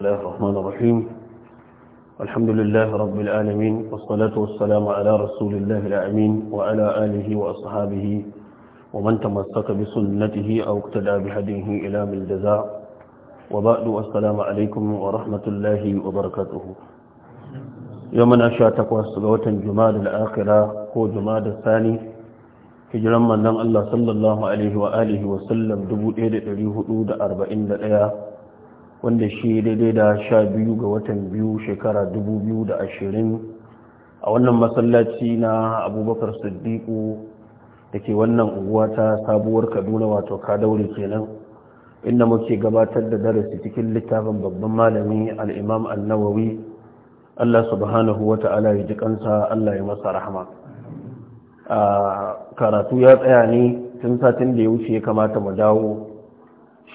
الله الرحمن الرحيم الحمد لله رب العالمين والصلاة والسلام على رسول الله الأمين وعلى آله وأصحابه ومن تمسك بسنته أو اقتدى بهديه إلى من جزاء وبعد السلام عليكم ورحمة الله وبركاته يوم أشاء تقوى السلوة جماد الآخرة هو جماد الثاني هجرا من الله صلى الله عليه وآله وسلم دبو إيد أريه أود أربعين دقيقة wanda shi daidai da sha biyu ga watan biyu shekara dubu biyu da ashirin a wannan masallaci na abubakar siddiqu da ke wannan unguwa ta sabuwar kaduna wato kadaure kenan inda muke gabatar da darasi cikin littafin babban malami al'imam annawawi allah subhanahu wa ta'ala ya ji kansa allah ya masa rahama karatu ya tsaya ne tun satin da ya wuce ya kamata mu dawo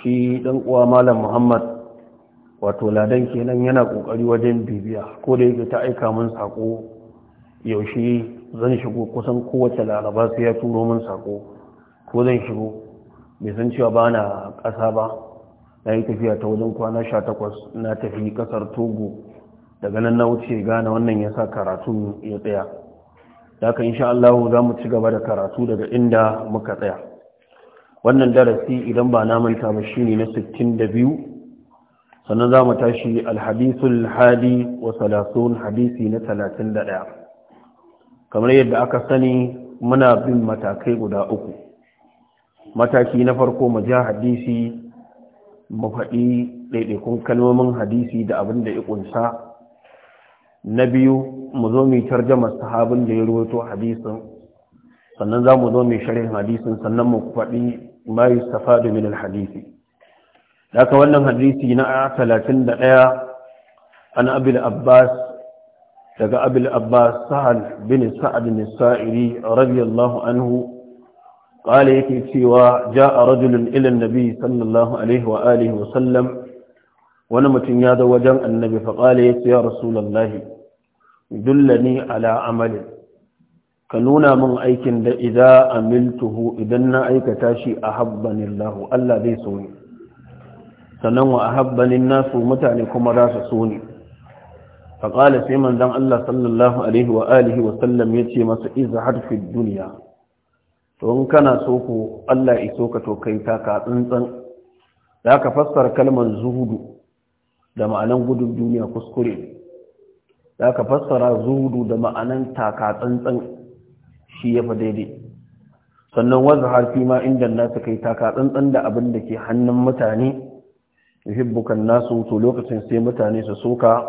shi ɗan uwa malam muhammad wato ladan kenan yana kokari wajen bibiya ko da yake ta aika mun sako yaushe zan shigo kusan kowace laraba sai ya turo min sako ko zan shigo bai san cewa ba na ƙasa ba na yi tafiya ta wajen kwana sha takwas na tafi ƙasar togo daga nan na wuce gane wannan ya sa karatu ya tsaya da haka insha Allah za mu ci gaba da karatu daga inda muka tsaya wannan darasi idan ba na manta ba shine na 62 sannan za mu tashi alhadisul hadi wa salasun hadisi na talatin da ɗaya kamar yadda aka sani muna bin matakai guda uku mataki na farko mu ja hadisi mu faɗi ɗaiɗaikun kalmomin hadisi da abin da ya ƙunsa na biyu mu zo mu tarjama sahabin da ya ruwaito hadisin sannan za mu zo mu sharhin hadisin sannan mu faɗi ma yustafadu min alhadisi haka wannan hadisi na 31 an abil abbas daga abil abbas sahal bin sa'ad bin sa'iri radiyallahu anhu قال يكي سوى جاء رجل إلى النبي صلى الله عليه وآله وسلم ونمت ياد وجن النبي فقال يكي يا رسول الله دلني على عمل كنونا من أيك إذا أملته إذن أيك تاشي أحبني الله ألا ذي سوني sannan wa ahabbanin nasu mutane kuma za su so ne faƙala sai manzon Allah sallallahu alaihi wa alihi wa sallam yace masa iza harfi duniya to in kana so ko Allah iso ka to kai ta ka tsantsan da ka fassara kalmar zuhudu da ma'anan gudun duniya kuskure da ka fassara zuhudu da ma'anan taka tsantsan shi ya fa daidai sannan wazhar fi ma inda nasu kai taka tsantsan da abin da ke hannun mutane yuhibbukan nasu to lokacin sai mutane su suka.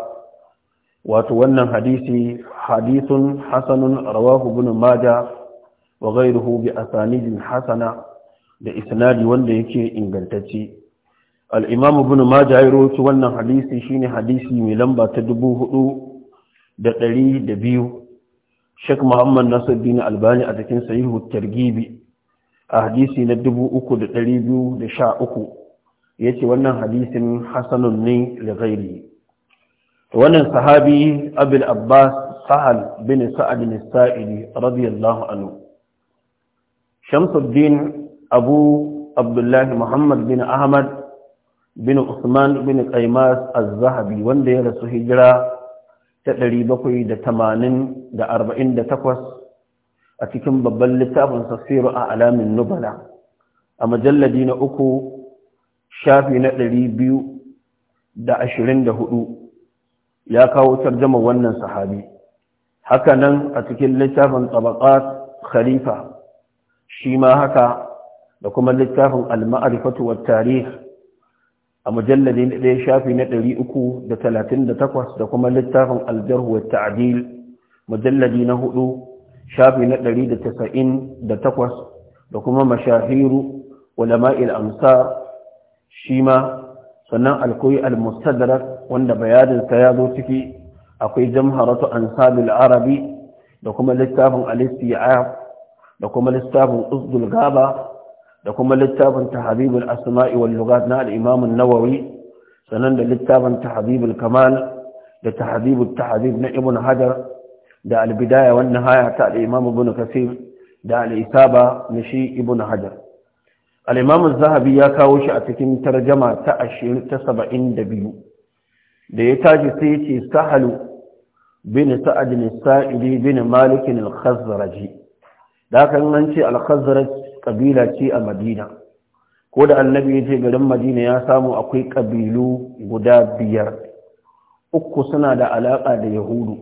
wato wannan hadisi hadithun hasanun rawahu ibn majah wa ghayruhu bi asanidin hasana da isnadi wanda yake ingantacce al imamu ibn maja ya rawaito wannan hadisi shine hadisi mai lamba ta 4200 shek Muhammad nasuddin Albani a cikin sahihu targibi a hadisi na 3213 ya ce wannan hadisin hasanun ne da wannan sahabi abin abbas sahal bin sa'ad nisa'ili radiyallahu anhu shamsuddin abu abdullahi muhammad bin ahmad bin usman bin qaimas az-zahabi wanda ya rasu hijira ta takwas, a cikin babban littafin sassiru a alamin nubala a majalladi na uku shafi na ɗari biyu da ashirin da hudu ya kawo tarjama wannan sahabi haka nan a cikin littafin tsabakat khalifa shi ma haka da kuma littafin al-ma'arifatu wa tarih a mujalladi na ɗaya shafi na ɗari uku da talatin da takwas da kuma littafin aljarhu wa ta'adil mujalladi na hudu shafi na ɗari da tasa'in da takwas da kuma mashahiru ulama'il amsar shi ma sannan alkoyi al-mustadrak wanda bayanin ta ya zo ciki akwai jamharatu ansabil arabi da kuma littafin al-istiyab da kuma littafin usdul gaba da kuma littafin tahabibul asma'i wal lughat na al-imam an-nawawi sannan da littafin tahabibul kamal da tahabibul tahabib na ibn hajar da al-bidaya wan nihaya ta al-imam ibn kasir da al-isaba na shi ibn hajar al'imamun zahabi ya kawo shi a cikin tarjama ta ashirin ta saba'in da biyu da ya tashi sai ya ce sahalu bin sa'ad ne bin malikin al-khazaraji da haka nan ce al-khazaraj ce a madina ko da annabi ya ce garin madina ya samu akwai ƙabilu guda biyar uku suna da alaƙa da yahudu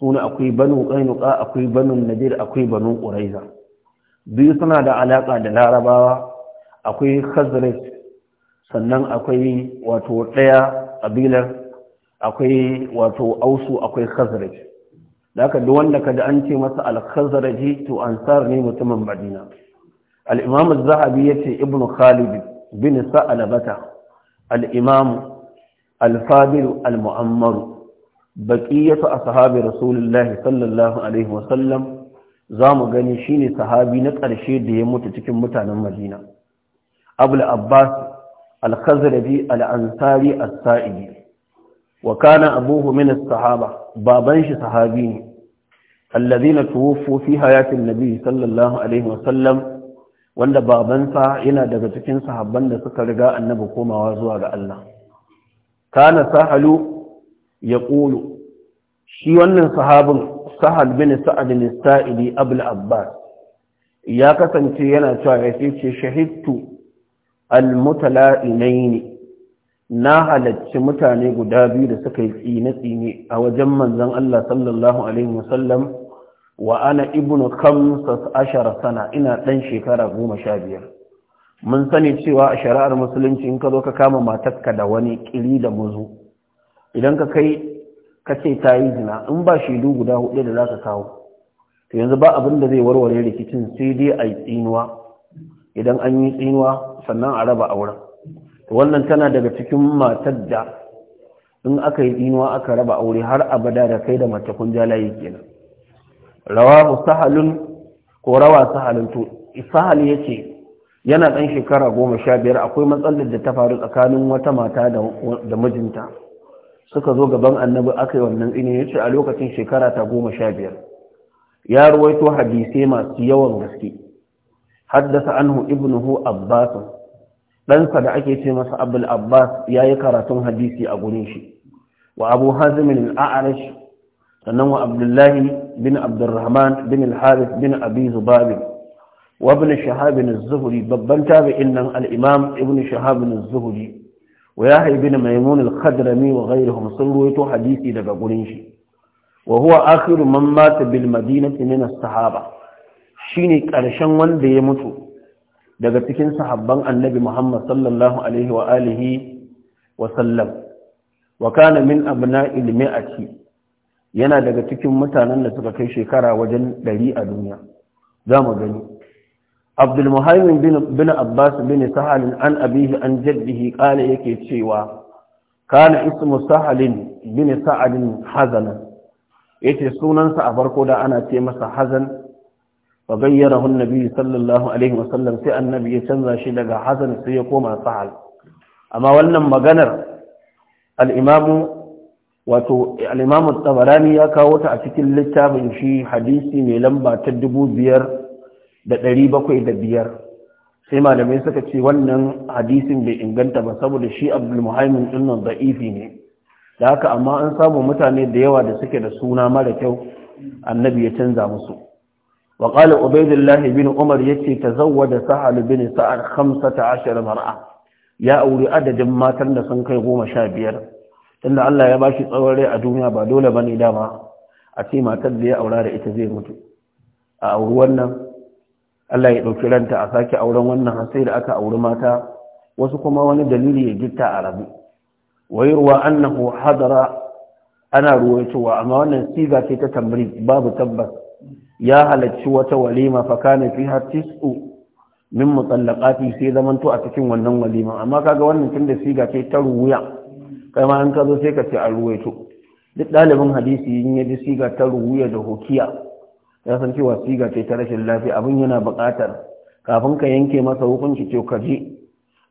suna akwai banu ƙainuka akwai banu nadir akwai banu ƙuraiza biyu suna da alaƙa da larabawa akwai khazrat sannan akwai wato ɗaya abilar akwai wato ausu akwai khazraj da aka duk wanda kada an ce masa al-khazraji to ansar ne mutumin madina al-imam az-zahabi yace ibnu khalid bin sa'alabata al-imam al-fadil al-mu'ammar baqiyatu ashabi rasulillahi sallallahu alaihi wa sallam zamu gani shine sahabi na ƙarshe da ya mutu cikin mutanen madina abul abbas al-khazrabi al-ansari as-sa'idi wa kana abuhu min as-sahaba baban shi sahabi ne alladhina tuwaffu fi hayatin nabi sallallahu alaihi wa sallam wanda babansa yana daga cikin sahabban da suka riga annabi komawa zuwa ga Allah kana sahalu ya ƙulu shi wannan sahabin sahal bin sa'ad bin sa'idi abul abbas ya kasance yana cewa ya ce shahidtu almutala'inaini na halarci mutane guda biyu da suka yi tsine-tsine a wajen manzon Allah sallallahu alaihi wasallam wa ana ibnu kamsas ashara sana ina ɗan shekara goma sha biyar mun sani cewa a shari'ar musulunci in ka zo ka kama matarka da wani ƙiri da muzu idan ka kai ka ce ta yi zina in ba shaidu guda hudu da za ka kawo to yanzu ba abin da zai warware rikicin sai dai a yi tsinuwa idan an yi tsinuwa sannan a raba auren wannan tana daga cikin matar da in aka yi inuwa aka raba aure har abada da kai da mace kun ja layi kenan rawa sahalun ko rawa sahalun to sahal yace yana dan shekara goma sha biyar akwai matsalar da ta faru tsakanin wata mata da mijinta suka zo gaban annabi aka yi wannan tsini ya ce a lokacin shekara ta goma sha biyar ya ruwaito hadisai masu yawan gaske haddasa anhu ibnuhu abbasin ɗansa da ake ce masa abul abbas ya yi karatun hadisi a gurin shi wa abu hazimin al'arash sannan wa abdullahi bin abdurrahman bin al-harith bin abi zubabi wa ibn shahab bin zuhri babban tabi'in nan al-imam ibn shahab bin zuhri wa yahya bin maimun al-khadrami wa ghayruhum sun ruwaito hadisi daga gurin shi wa huwa akhiru man mata bil madinati min as-sahaba shine karshen wanda ya mutu daga cikin sahabban annabi Muhammad sallallahu alaihi wa alihi wa sallam wa kana min a ci. yana daga cikin mutanen da suka kai shekara wajen ɗari a duniya zamu gani Abdul bin Abbas bin sahalin an abihi an jaddihi qala yake cewa kana ismu sahalin bin sa'adin hazana yace sunansa a farko da ana ce masa hazan wa gayyarahu annabi sallallahu alaihi wasallam sai annabi ya canza shi daga hasan sai ya koma sahal amma wannan maganar al wato al tabarani ya kawo ta a cikin littafin shi hadisi mai lamba ta dubu biyar da ɗari bakwai da biyar sai malamai suka ce wannan hadisin bai inganta ba saboda shi abdulmuhaimin ɗinnan da'ifi ne da haka amma an samu mutane da yawa da suke da suna mara kyau annabi ya canza musu وقال عبيد الله بن عمر يتي تزود سهل بن سعد خمسة عشر مرأة يا أولي أدد ما تنسن كي غوم شابير إن الله يباشي تصوري أدوني بعدول بني داما أتي ما تدلي أولار إتزير متو أولونا da ya ɗauki ranta a sake auren wannan sai da aka auri mata wasu kuma wani dalili ya gitta a rabu wayarwa annahu hadara ana ruwaitowa amma wannan siga ce ta tamri babu tabbas ya halarci wata walima fa kana fiha tis'u min mutallaqati sai zaman to a cikin wannan walima amma kaga wannan tunda siga ce ta ruwaya kai ma an kazo sai ka ce a ruwaito duk dalibin hadisi in yaji siga ta ruwaya da hokiya ya san cewa siga ce ta rashin lafiya abin yana buƙatar kafin ka yanke masa hukunci ce ka ji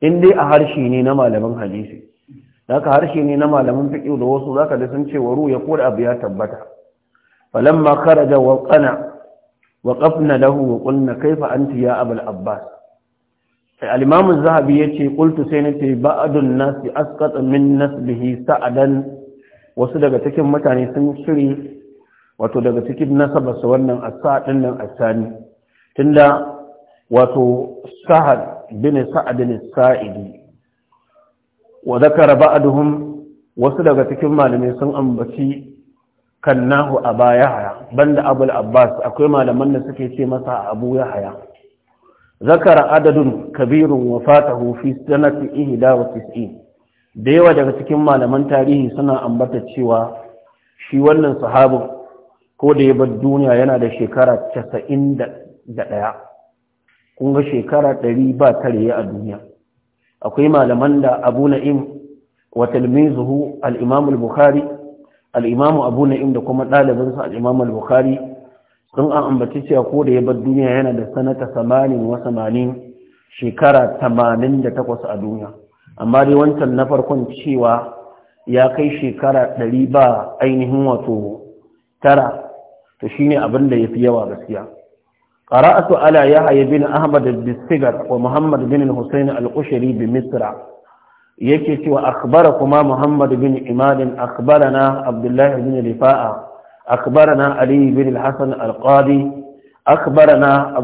in dai a harshe ne na malamin hadisi haka harshe ne na malamin fiqh da wasu zaka da sun ce wa ruwaya ko da abu ya tabbata falamma kharaja wa qana waƙafna lahu wa ƙulna kai fa an ya abul abbas sai alimamun zahabi ya ce ƙultu sai na ce ba'adun nasi askata min nasbihi sa'adan wasu daga cikin mutane sun shiri wato daga cikin nasaba su wannan asa'adin nan asani tunda wato sa'ad bin sa'adin sa'idi wa zakara ba'aduhum wasu daga cikin malamai sun ambaci kannahu a baya banda abul abbas akwai malaman da suke ce masa abu ya haya zakara adadun kabirun fatahu fi sanati ihda wa tis'i da yawa daga cikin malaman tarihi suna ambata cewa shi wannan sahabin ko da ya bar duniya yana da shekara 91 kun ga shekara 100 ba tare a duniya akwai malaman da abu na'im wa talmizuhu al-imam al-bukhari al'imamu abu na'im da kuma ɗalibinsa imam al-bukhari sun an ambaci cewa ko da ya bar duniya yana da sanata samanin wa samanin shekara tamanin da takwas a duniya amma dai wancan na farkon cewa ya kai shekara ɗari ba ainihin wato tara to shine abin da ya fi yawa gaskiya قرأت على يحيى wa أحمد bin ومحمد al الحسين القشري misra yake cewa akbara kuma muhammad bin imadin akbarana abdullahi bin rifa'a akbarana ali bin Hassan al-qadi akbarana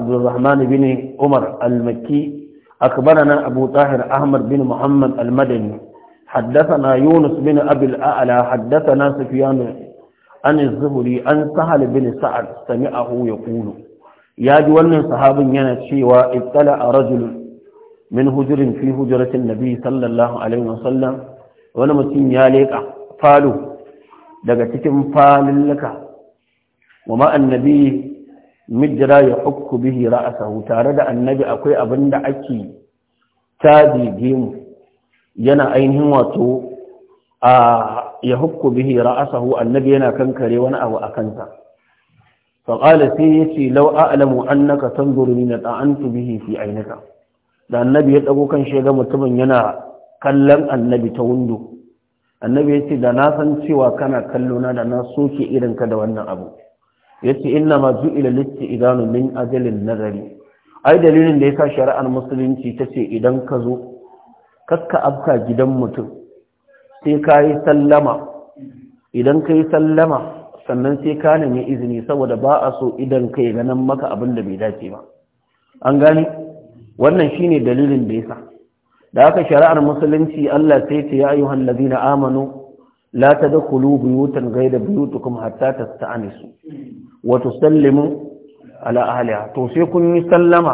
bin umar al-makki akbarana abu tahir ahmad bin muhammad al-madani حدثنا يونس بن أبي الأعلى حدثنا سفيان عن الزهري عن سهل بن سعد سمعه يقول يا جوان صحاب ينشي a رجل min hujurin fi hujuratin nabi sallallahu alaihi wasallam wani mutum ya leƙa falo daga cikin falillaka wa ma annabi ya hukku bihi ra'asahu tare da annabi akwai abin da ake tabige gemu yana ainihin wato a ya hukku bihi ra'asahu annabi yana kankare wani abu a kansa faƙala sai ya ce lau a'lamu annaka tanzuru ni na ta'antu bihi da annabi ya ɗago kan shi mutumin yana kallon annabi ta wundo annabi ya ce da na san cewa kana kallona da na soke irinka da wannan abu ya ce ina ma ju'ila litti idanu min ajalin nazari ai dalilin da ya sa shari'ar musulunci ta ce idan ka zo kakka abka gidan mutum sai ka sallama idan ka sallama sannan sai ka nemi izini saboda ba a so idan ka yi ganin maka abin da bai dace ba an gane wannan shine dalilin da yasa da haka shari'ar musulunci Allah sai ce ya ayyuhan ladina amanu la tadkhulu buyutan ghayra buyutikum hatta tasta'nisu wa tusallimu ala ahliha to sai kun yi sallama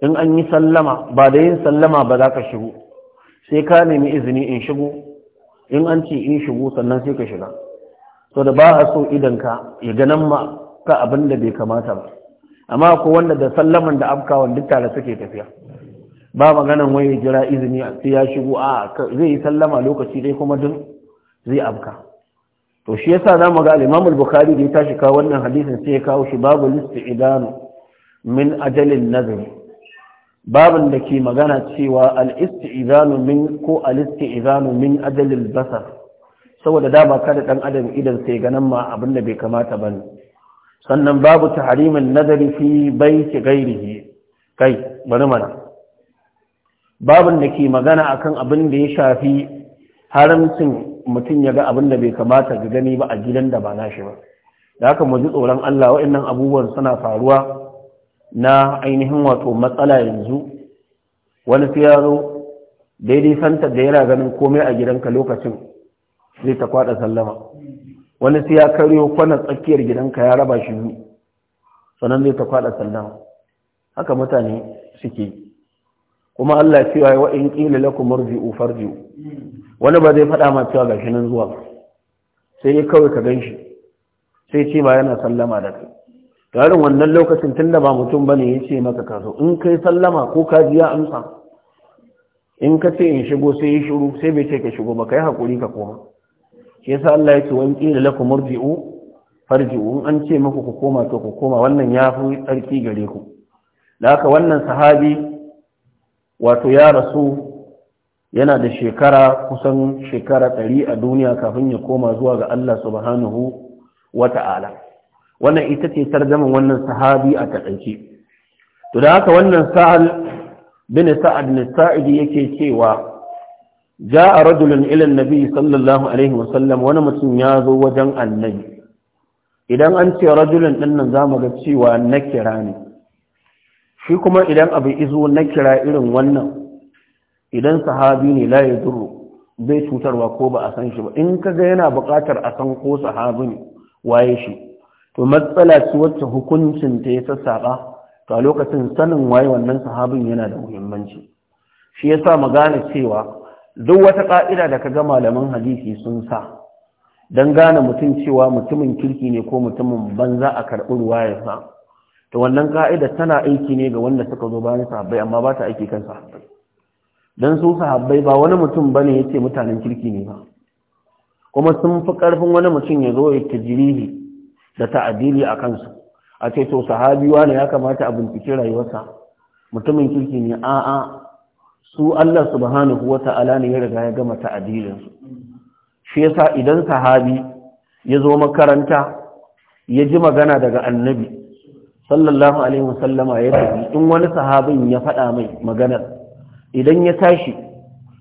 in an yi sallama ba da yin sallama ba za ka shigo sai ka nemi izini in shigo in an ce in shigo sannan sai ka shiga so da ba a so idon ka ya ganan ma ka abin da bai kamata ba amma ko wanda da sallaman da afkawan duk tare suke tafiya ba maganan wai ya jira izini sai ya shigo a zai yi sallama lokaci dai kuma duk zai afka to shi yasa zamu ga Imam bukhari da ya tashi kawo wannan hadisin sai ya kawo shi babu listi'danu min ajalin nazr babin da ke magana cewa al-istidanu min ko al-istidanu min ajalil basar saboda da ba ka da dan adam idan sai ganin ma abin da bai kamata bane sannan babu taharimin nazari fi baiti gairihi kai bari mana babin da ke magana akan abin da ya shafi haramcin mutum ya ga abin da bai kamata ga gani ba a gidan da ba na shi ba da haka mu ji tsoron Allah wa'annan abubuwan suna faruwa na ainihin wato matsala yanzu wani fiyaro daidai santa da yana ganin komai a gidanka lokacin zai ta kwada sallama wani sai ya karyo kwanan tsakiyar gidanka ya raba shi biyu sannan zai ta kwada sallama haka mutane suke kuma Allah cewa wa in qila lakum murji'u farji'u wani ba zai faɗa ma cewa gashi nan zuwa sai ya kawai ka ganshi sai ce ba yana sallama da kai Garin wannan lokacin tunda ba mutum bane ya ce maka kaso in kai sallama ko ka ji ya amsa in ka ce in shigo sai ya shiru sai bai ce ka shigo ba kai hakuri ka koma shi yasa Allah yake wani qila laku murji'u farji'u an ce muku ku koma to ku koma wannan yafi tsarki gare ku da haka wannan sahabi wato ya rasu yana da shekara kusan shekara ɗari a duniya kafin ya koma zuwa ga Allah subhanahu wa ta'ala wannan ita ce tarjaman wannan sahabi a taƙaice to da haka wannan sa'al bin sa'ad ne sa'idi yake cewa ja'a rajulun ila annabi sallallahu alaihi wasallam wani mutum ya zo wajen annabi idan an ce rajulun din nan zamu ga cewa kira ne shi kuma idan abu izo nakira irin wannan idan sahabi ne la duru, zai cutarwa ko ba a san shi ba in ka ga yana buƙatar a san ko sahabi ne waye shi to matsala ce wacce hukuncin ta ya sassaɓa to a lokacin sanin waye wannan sahabin yana da muhimmanci shi yasa mu gane cewa duk wata ƙa'ida da ka ga malaman hadisi sun sa don gane mutum cewa mutumin kirki ne ko mutumin banza a karɓi ruwa ya sa to wannan ƙa'ida tana aiki ne ga wanda suka zo bayan sahabbai amma ba ta aiki kan sahabbai don su sahabbai ba wani mutum ba ne ya ce mutanen kirki ne ba kuma sun fi ƙarfin wani mutum ya zo ya tajirihi da ta'adili a kansu a ce to sahabi ne ya kamata a bincike rayuwarsa mutumin kirki ne a'a su Allah subhanahu wa ta'ala ne ya riga ya gama ta’adilinsu su shi yasa idan sahabi ya zo makaranta ya ji magana daga annabi sallallahu alaihi wasallama ya tafi in wani sahabin ya faɗa mai maganar idan ya tashi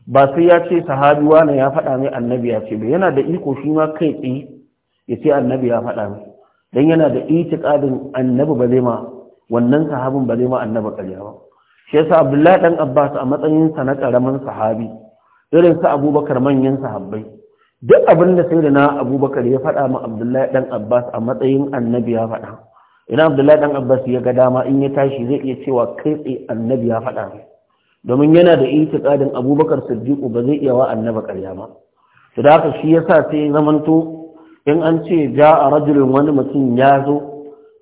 ba sai ya ce sahabi wani ya faɗa mai annabi ya ce ba yana da iko shi ma kai tsaye ya ce annabi ya faɗa mai dan yana da itiqadin annabi ba zai ma wannan sahabin ba zai ma annabi ƙarya ba shi yasa abdullahi dan abbas a matsayin sa na karaman sahabi irin sa abubakar manyan sahabbai duk abin da na abubakar ya faɗa ma abdullahi dan abbas a matsayin annabi ya faɗa idan abdullahi dan abbas ya ga dama in ya tashi zai iya cewa kai tsaye annabi ya faɗa domin yana da itikadin abubakar siddiqu ba zai iya wa annabi ƙarya ba to da haka shi yasa sai zamanto in an ce ja a rajulun wani mutum ya zo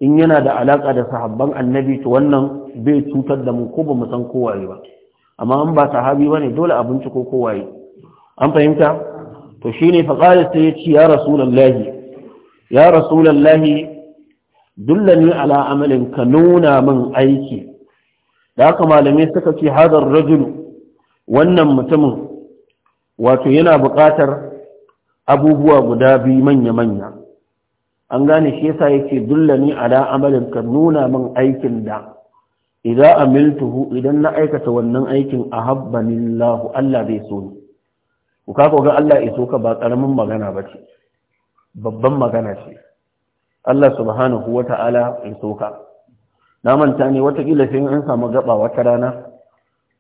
in yana da alaka da sahabban annabi to wannan bai cutar da mu ko ba mu san kowaye ba amma an ba sahabi ba ne dole abinci ko kowaye an fahimta to shi ne faƙari sai ya ci ya rasulallahi, ya rasulallahi, ni ala amalin ka nuna min aiki da haka malamai suka ce hadar rajulu wannan mutumin wato yana buƙatar abubuwa guda biyu manya-manya an gane shi yasa yake dullani ala amalin ka nuna min aikin da idza amiltuhu idan na aikata wannan aikin ahabbani Allah Allah zai so ni ku ka ga Allah ya iso ka ba karamin magana ba ce babban magana ce Allah subhanahu wata'ala iso ka na manta ne watakila sai an samu gaba wata rana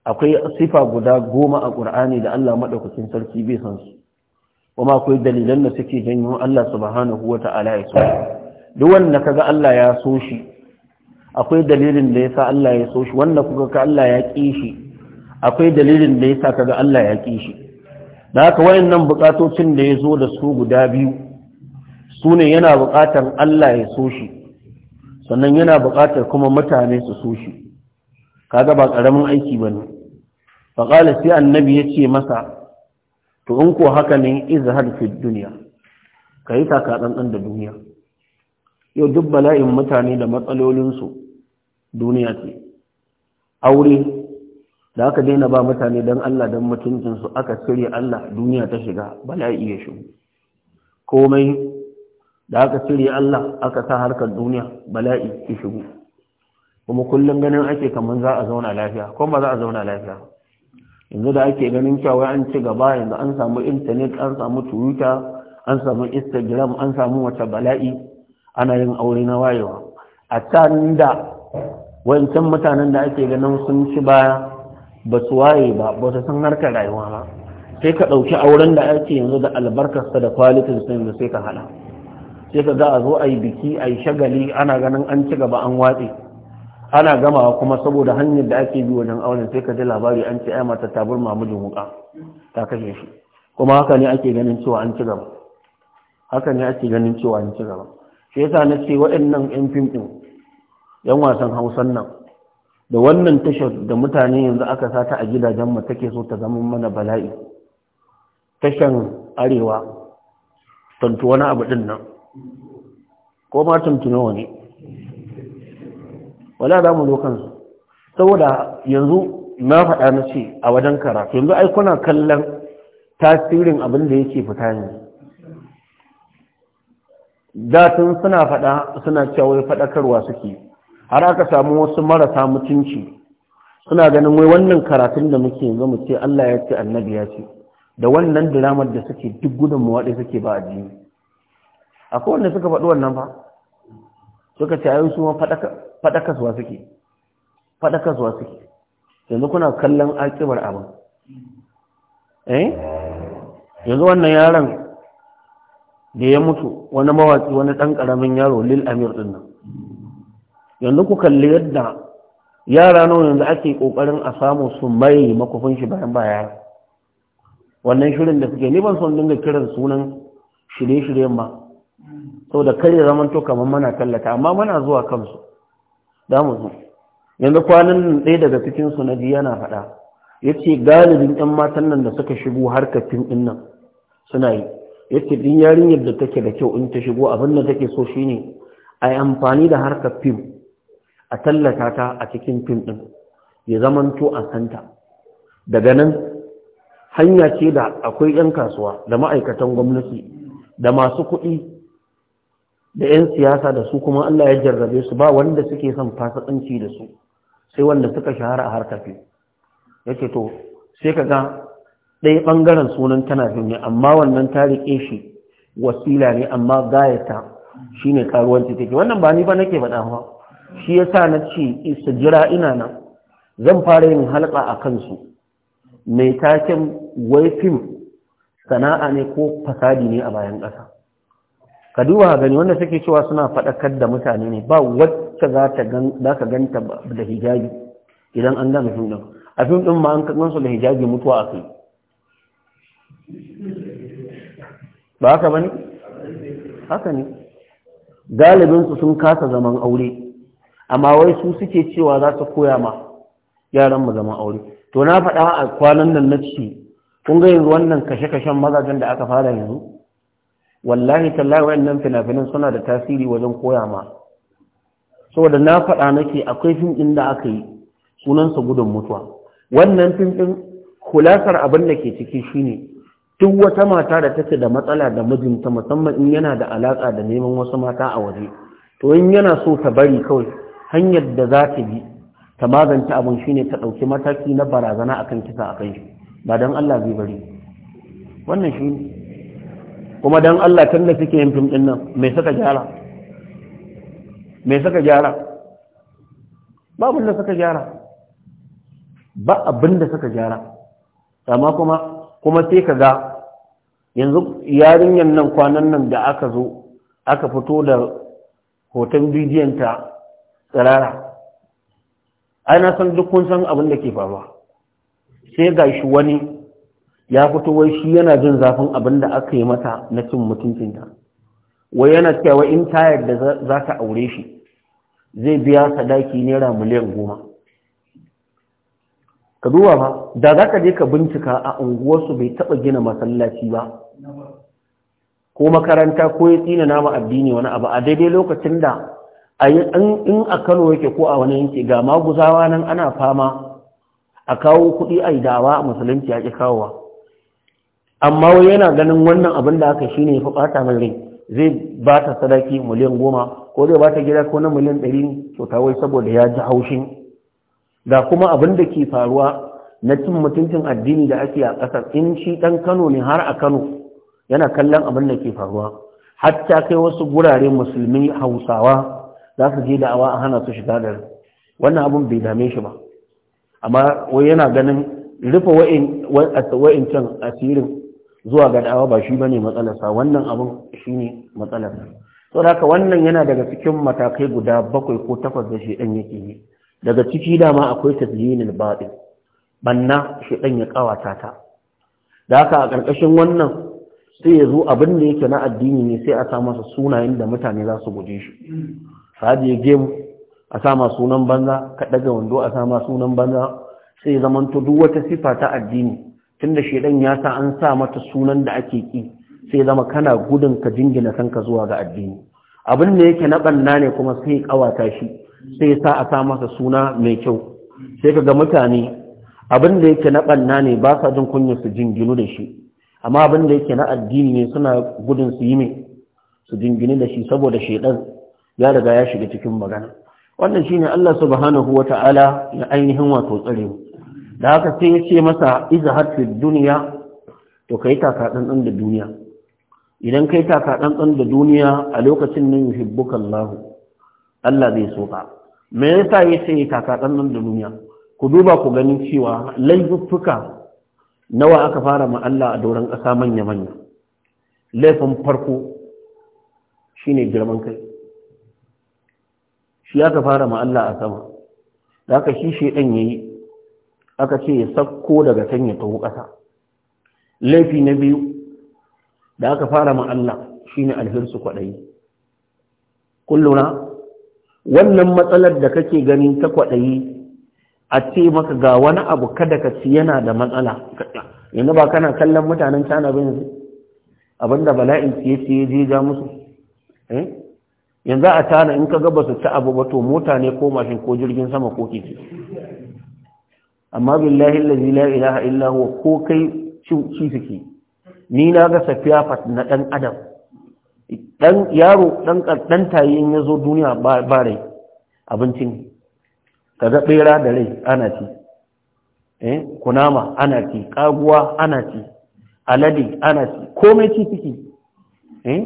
akwai sifa guda goma a Qur'ani da Allah madaukakin sarki bai san su kuma akwai dalilan da suke janyo Allah subhanahu wa ta'ala ya so duk wanda kaga Allah ya so shi akwai dalilin da yasa Allah ya so shi wanda kuka ka Allah ya ki shi akwai dalilin da yasa kaga Allah ya ki shi dan haka wayannan bukatocin da ya zo da su guda biyu Sune yana bukatar Allah ya so shi sannan yana bukatar kuma mutane su so shi kaga ba karamin aiki bane faqala sai annabi yace masa to in ko haka ne izhar fi duniya kai taka dan da duniya yau duk bala'in mutane da matsalolinsu duniya ce aure da aka daina ba mutane dan Allah dan mutuncin su aka cire Allah duniya ta shiga bala'i ya shigo komai da aka cire Allah aka sa harkar duniya bala'i ya shigo kuma kullum ganin ake kaman za a zauna lafiya kuma ba za a zauna lafiya yanzu da ake ganin cewa an ci gaba yanzu an samu intanet an samu twitter an samu instagram an samu wata bala'i ana yin aure na wayewa a can da wancan mutanen da ake ganin sun ci baya ba su waye ba ba su san harkar rayuwa ba sai ka ɗauki auren da ake yanzu da albarkarsa da kwalitin sun da sai ka hada sai ka za a zo a yi biki a yi shagali ana ganin an ci gaba an watse ana gamawa kuma saboda hanyar da ake bi wajen auren sai ka ji labari an ce ai mata ta burma mijin wuka ta kashe shi kuma haka ne ake ganin cewa an ci gaba haka ne ake ganin cewa an ci gaba shi yasa na ce waɗannan yan fim ɗin yan wasan hausan nan da wannan tashar da mutane yanzu aka sata a gidajen mu take so ta zama mana bala'i tashan arewa tantu wani abu ɗin nan ko ma tantu nawa ne wala za mu zo kansu saboda yanzu na faɗa na ce a wajen karatu yanzu ai kuna kallon tasirin abin da yake fita ne datin suna faɗa suna cewa wai faɗakarwa suke har aka samu wasu marasa mutunci suna ganin wai wannan karatun da muke yanzu mu ce Allah ya ce annabi ya ce da wannan diramar da suke duk gudun muwaɗe suke ba addini akwai wanda suka faɗi wannan ba suka ce ayi su ma faɗaka faɗakaswa suke faɗakaswa suke yanzu kuna kallon akibar abin eh yanzu wannan yaron da ya mutu wani mawaki wani ɗan ƙaramin yaro lil amir ɗin nan yanzu ku kalli yadda yara nawa yanzu ake ƙoƙarin a samu su mai makufin shi bayan baya wannan shirin da suke ni ban son dinga kiran sunan shirye-shiryen ba sau da kare zaman to kamar mana tallata amma mana zuwa kansu damu yanzu kwanan nan ɗaya daga cikinsu na ji yana faɗa ya ce galibin 'yan matan nan da suka shigo harka fim ɗin nan suna yi ya ce ɗin yarinyar da take da kyau in ta shigo abin da take so shine a yi amfani da harkar fim a tallata ta a cikin fim ɗin ya to a santa daga nan hanya ce da akwai 'yan kasuwa da ma'aikatan gwamnati da masu kuɗi da 'yan siyasa da su kuma Allah ya jarrabe su ba wanda suke son fasikanci da su sai wanda suka shahara a harka fi yake to sai ka ga ɗaya ɓangaren sunan tana fim ne amma wannan ta shi wasila ne amma gayata shi ne karuwanci take wannan ba ni ba nake faɗa ba shi ya sa na ce su jira ina nan zan fara yin halka a kansu mai taken wai fim sana'a ne ko fasadi ne a bayan ƙasa ka duba gani wanda suke cewa suna faɗakar da mutane ne ba wacce za ka ganta da hijabi idan an gama fim ɗin a fim ɗin ma an kaɗan su da hijabi mutuwa a kai ba haka ba ne? haka ne galibinsu sun kasa zaman aure amma wai su suke cewa za su koya ma yaran mu zaman aure to na faɗa a kwanan nan na ce kun ga yanzu wannan kashe-kashen mazajen da aka fara yanzu wallahi tallahi wayannan fina-finan suna da tasiri wajen koya ma saboda na faɗa nake akwai fim ɗin da aka yi sunansa gudun mutuwa wannan fim ɗin kulasar abin da ke ciki shine duk wata mata da take da matsala da mijinta musamman in yana da alaka da neman wasu mata a waje to in yana so ta bari kawai hanyar da za ta bi ta magance abin shine ta ɗauki mataki na barazana akan kisa akan shi ba don Allah zai bari wannan shi kuma don Allah tun da suke yin fim nan mai saka gyara mai saka gyara ba abin da saka gyara ba abin da saka gyara amma kuma kuma sai ka ga yanzu yarinyar nan kwanan nan da aka zo aka fito da hoton ta tsirara ana san duk kun san abin da ke faruwa sai ga shi wani ya fito wai shi yana jin zafin abin da aka yi mata na cin mutuncinta wai yana cewa in ta yadda za ta aure shi zai biya sadaki naira miliyan goma ka duba ba da za ka je ka bincika a unguwarsu bai taɓa gina masallaci ba ko makaranta ko ya tsina nama addini wani abu a daidai lokacin da in a kano yake ko a wani yanke, ga maguzawa nan ana fama a kawo kuɗi a yi dawa a musulunci ya ƙi kawowa amma wai yana ganin wannan abin da aka shine ya fi ɓata mai rai zai ba ta sadaki miliyan goma ko zai ba ta gida ko na miliyan ɗari ne to ta wai saboda ya ji haushin Ga kuma abin da ke faruwa na cin mutuncin addini da ake a ƙasar in shi ɗan kano ne har a kano yana kallon abin da ke faruwa hatta kai wasu gurare musulmi hausawa za su je da'awa a hana su shiga da wannan abin bai dame shi ba amma wai yana ganin rufe wa'in can asirin zuwa ga da'awa ba shi bane matsalarsa wannan abin shine matsalarsa to haka wannan yana daga cikin matakai guda bakwai ko takwas da shi dan yake yi daga ciki dama akwai tazyinul batil banna shi dan ya kawata ta da haka a karkashin wannan sai ya zo abin da yake na addini ne sai a sa masa sunayen da mutane za su guje shi sai ya gemu a sa masa sunan banza ka daga wando a sa masa sunan banza sai zamanto duk wata sifa ta addini tunda shedan ya sa an sa mata sunan da ake ƙi, sai zama kana gudun ka jingina kanka zuwa ga addini abin da yake na banna ne kuma sai kawata shi sai sa a sa masa suna mai kyau sai ka ga mutane abin da yake na banna ne ba sa jin kunya su jinginu da shi amma abin da yake na addini ne suna gudun su yi mai su jinginu da shi saboda shedan ya riga ya shiga cikin magana wannan shine Allah subhanahu wata'ala ya ainihin wato tsarewa. da haka sai ya ce masa izhar fi duniya to yi taka ɗanɗan da duniya idan yi taka ɗanɗan da duniya a lokacin nan hibbukan lahu Allah zai so ka me yasa yace taka ɗanɗan da duniya ku duba ku ganin cewa laifuffuka nawa aka fara ma Allah a doron ƙasa manya manya laifin farko shine girman kai shi aka fara ma Allah a sama da aka shi ya yayi aka ce ya sakko daga can ya taho ƙasa laifi na biyu da aka fara ma Allah ne alhirsu kwaɗayi kulluna wannan matsalar da kake gani ta kwaɗayi a ce maka ga wani abu kada ka ci yana da matsala yanzu ba kana kallon mutanen cana ba yanzu abinda bala'in ciye ciye je ja musu eh? yanzu a cana in ka ga su ci abu ba to mota ne ko mashin ko jirgin sama ko kiki. amma billahi la ilaha illa huwa ko kai shi suke ni na ga safiya fat na dan adam dan yaro dan dan tayin ya zo duniya ba rai abincin kaga bera da rai ana ci eh kunama ana ci kaguwa ana ci alade ana ci komai ci suke eh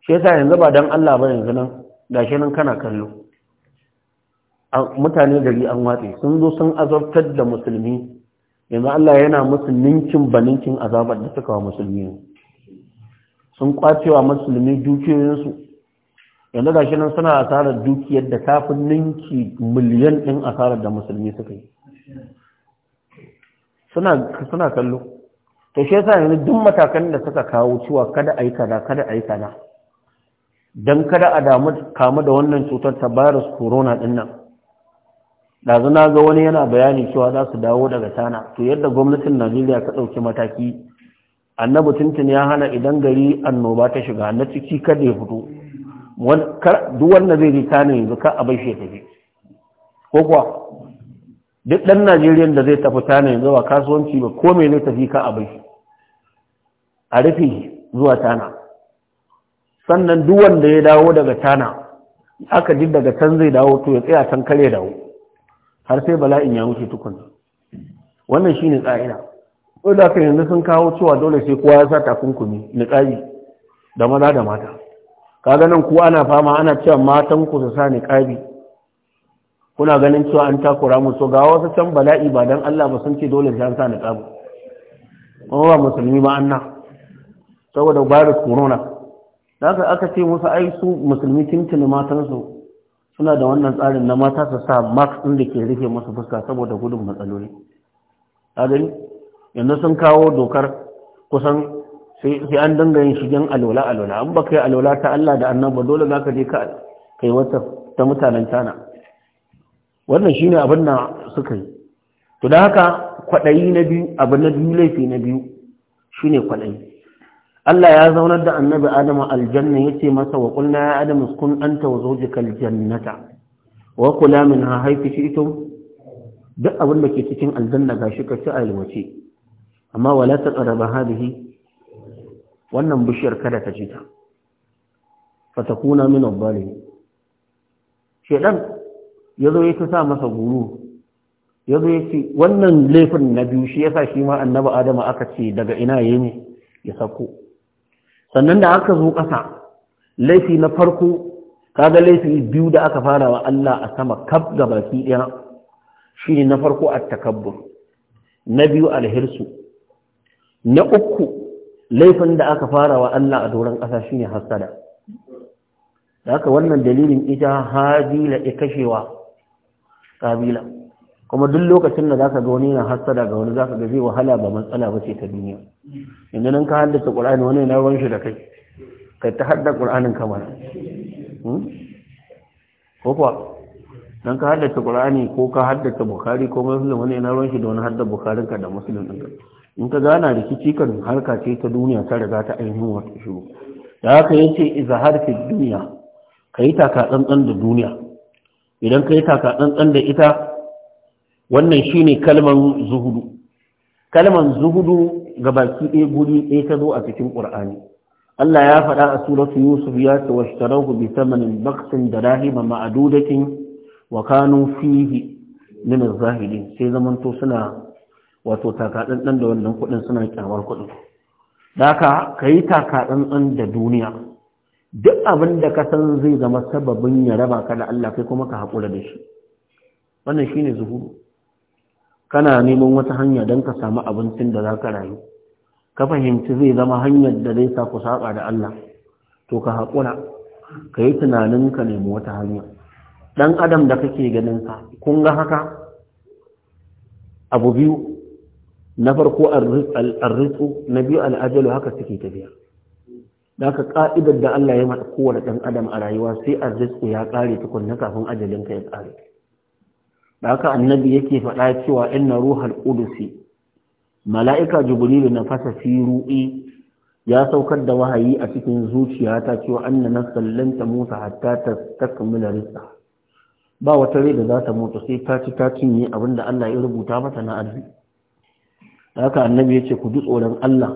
shi yasa yanzu ba dan Allah ba yanzu nan gashi nan kana kallo mutane gari an watsi sun zo sun azabtar da musulmi yanzu Allah yana musu ninkin baninkin azabar da suka wa musulmi sun kwacewa musulmi dukiyoyinsu yanzu gashi nan suna asarar dukiyar da tafi ninki miliyan ɗin asarar da musulmi suka yi suna kallo to shi yasa yanzu duk matakan da suka kawo cewa kada a yi kada a yi don kada a damu kamu da wannan cutar ta virus corona ɗin nan ɗazu na ga wani yana bayani cewa za su dawo daga tana to yadda gwamnatin najeriya ta ɗauki mataki annabi tuntun ya hana idan gari annoba ta shiga na ciki kada ya fito duk wanda zai je tana yanzu ka a bai shi ya tafi ko kuwa duk ɗan najeriya da zai tafi tana yanzu ba kasuwanci ba ko mai zai tafi ka a bai shi a rufe zuwa tana sannan duk wanda ya dawo daga tana aka ji daga can zai dawo to ya tsaya can kare dawo har sai bala'in ya wuce tukun wannan shi ne tsa'ina ko da ka yanzu sun kawo cewa dole sai kowa ya sa takunkumi niƙabi da maza da mata ka nan ku ana fama ana cewa matan ku su sa niƙabi kuna ganin cewa an takura musu ga wasu can bala'i ba dan Allah ba sun ce dole sai an sa niƙabi kuma ba musulmi ba anna saboda virus corona da aka ce musu ai su musulmi matan su. suna da wannan tsarin na mata su sa max ɗin da ke rufe masu fuska saboda gudun matsaloli gani yanzu sun kawo dokar kusan sai an dinga yin shigen alola alola an ba kai alola ta Allah da annaba dole za ka je ka kai wata ta mutanen tana wannan shi ne abin da suka yi to da haka kwaɗayi na biyu abin na biyu laifi na biyu shi ne kwaɗayi Allah ya zaunar da annabi Adamu aljanna ya ce masa wa qulna ya adamu kun anta wa zawjuka aljannata wa kula minha haythu shi'tum duk abin da ke cikin aljanna gashi ka ci alwace amma wala taqrabu hadhihi wannan bishiyar kada ta ci ta fatakuna min adh ya zo ya yake sa masa guru ya zo ya ce wannan laifin na biyu shi ya sa shi ma annaba Adamu aka ce daga ina ya ne ya sako sannan da aka zo ƙasa laifi na farko kaga laifi biyu da aka fara wa Allah a sama kaf ga baki ɗaya shi ne na farko a takabbur na biyu alhirsu na uku laifin da aka fara wa Allah a doron ƙasa shi ne hasada da aka wannan dalilin ita hajila ya kashewa kabila kuma duk lokacin da za ka ga wani yana hassada ga wani za ka ga zai wahala ba matsala ba ce ta duniya Inda nan ka haddasa ƙul'ani wani na ruwan shi da kai kai ta hadda qur'anin kamar hmm? ko kuwa nan ka haddasa ƙul'ani ko ka haddasa bukhari ko musulun wani na ruwan shi da wani hadda bukharin ka da musulun ɗin. ka in ka gana rikici kan harka ce ta duniya ta riga ta ainihin wasu shiru da haka yace izhar fi duniya ka yi taka tsantsan da duniya idan ka yi taka tsantsan da ita wannan shine kalman zuhudu kalman zuhudu ga baki ɗaya guri ɗaya ta zo a cikin ƙur'ani Allah ya faɗa a suratu Yusuf ya ce wa shtarahu bi thamanin da rahima ma'adudatin wa kanu fihi min az-zahidin sai zaman to suna wato takaɗanɗan da wannan kuɗin suna kyawar kuɗin Daka ka yi ɗan da duniya duk abin da ka san zai zama sababin ya raba ka da Allah kai kuma ka haƙura da shi wannan shi ne kana neman wata hanya don ka samu abincin da za ka rayu ka fahimci zai zama hanyar da zai sa ku saba da Allah to ka haƙura ka yi tunanin ka nemi wata hanya ɗan adam da kake ganin sa kun ga haka abu biyu na farko arritsu na biyu al'ajalu haka suke tafiya da ka ka'idar da Allah ya mata kowane ɗan adam a rayuwa sai arritsu ya ƙare tukunna kafin ajalin ka ya ƙare da haka annabi yake faɗa cewa inna ruhal qudusi mala'ika jibrilu na fasa fi ru'i ya saukar da wahayi a cikin zuciya ta cewa anna nasallanta musa hatta ta takmila risa ba wata rai da za ta mutu sai ta ci ta cinye abinda Allah ya rubuta mata na arzi da haka annabi yace ku ji tsoron Allah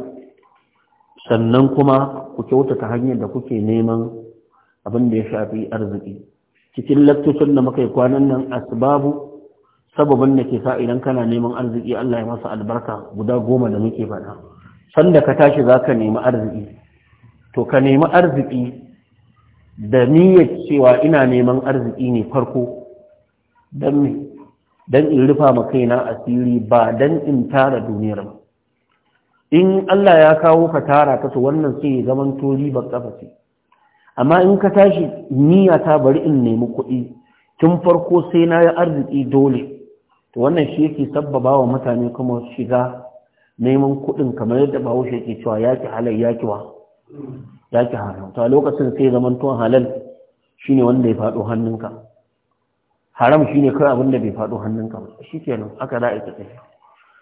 sannan kuma ku kyautata hanyar da kuke neman abin da ya shafi arziki cikin laktusun da muka yi kwanan nan asbabu sababin da ke sa idan kana neman arziki Allah ya masa albarka guda goma da muke faɗa sanda ka tashi za ka nemi arziki to ka nemi arziki da niyyar cewa ina neman arziki ne farko don me don in rufa ma kaina asiri ba don in tara duniyar ba in Allah ya kawo ka tara ka wannan sai ya zaman tori ba kafa ce amma in ka tashi niyya ta bari in nemi kuɗi tun farko sai na yi arziki dole to wannan shi yake sabbaba wa mutane kuma shiga neman kuɗin kamar yadda bahaushe ke cewa ki halal ki wa ki haram to a lokacin sai zaman tuwon halal shine wanda ya faɗo hannunka haram shine kai abin da bai faɗo hannunka ba shi haka aka a yi tafiya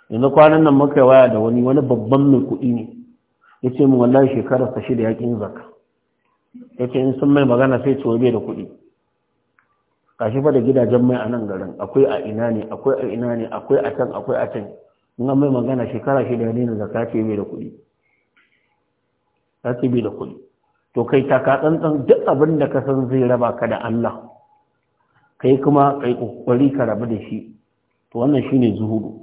yanzu kwanan nan muka waya da wani wani babban mai kuɗi ne yace min wallahi shekarar ta shida yakin zakka yace in sun mai magana sai ce bai da kuɗi kashi ba da gidajen mai a nan garin akwai a ina ne akwai a ina ne akwai a can akwai a can in an mai magana shekara shida ne na zaka ce mai da kuɗi ce bai da kuɗi to kai ta, ka tsantsan duk abin da ka san zai raba ka da Allah kai kuma kai kokari ka rabu da shi to wannan shine zuhudu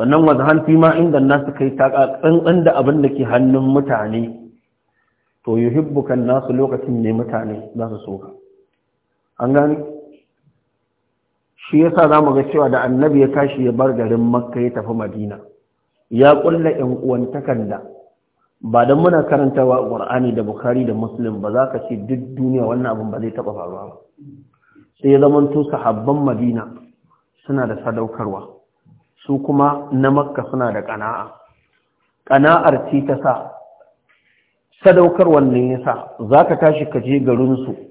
sannan zahan fi ma inda su kai ka tsantsan da abin da ke hannun mutane to yuhibbuka nasu lokacin ne mutane za su so ka an gani shi ya sa za mu ga cewa da annabi ya tashi ya bar garin makka ya tafi madina ya kulla yan uwantakan da ba don muna karantawa ƙur'ani da bukari da muslim ba za ka ce duk duniya wannan abin ba zai taɓa faruwa ba sai ya zama tusa sahabban madina suna da sadaukarwa su kuma na makka suna da ƙana'a ƙana'ar ce ta sa sadaukarwan ne ya sa za ka tashi ka je garinsu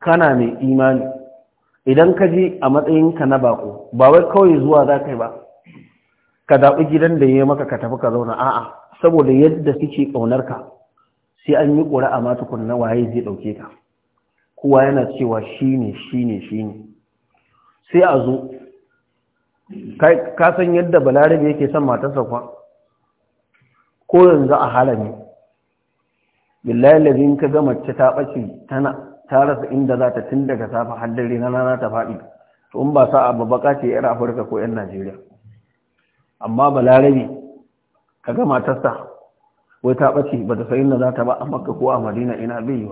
kana mai imani idan ka je a matsayinka na bako ba wai kawai zuwa za ka yi ba ka zaɓi gidan da ya yi maka ka tafi ka zauna a'a saboda yadda suke ƙaunar ka sai an yi ƙura a matukun na waye zai ɗauke ka kowa yana cewa shi ne shi ne shi ne sai a zo ka san yadda balarabe yake son matarsa kwa ko yanzu a halami billahi ka ga mace ta ɓace tana ta rasa inda za ta tun daga safa har dare na rana ta faɗi to in ba sa abu baka ce yar afirka ko yan najeriya amma balarabi ka gama matarsa wai ta ɓace ba ta sayin da za ta ba a makka ko a madina ina bai yi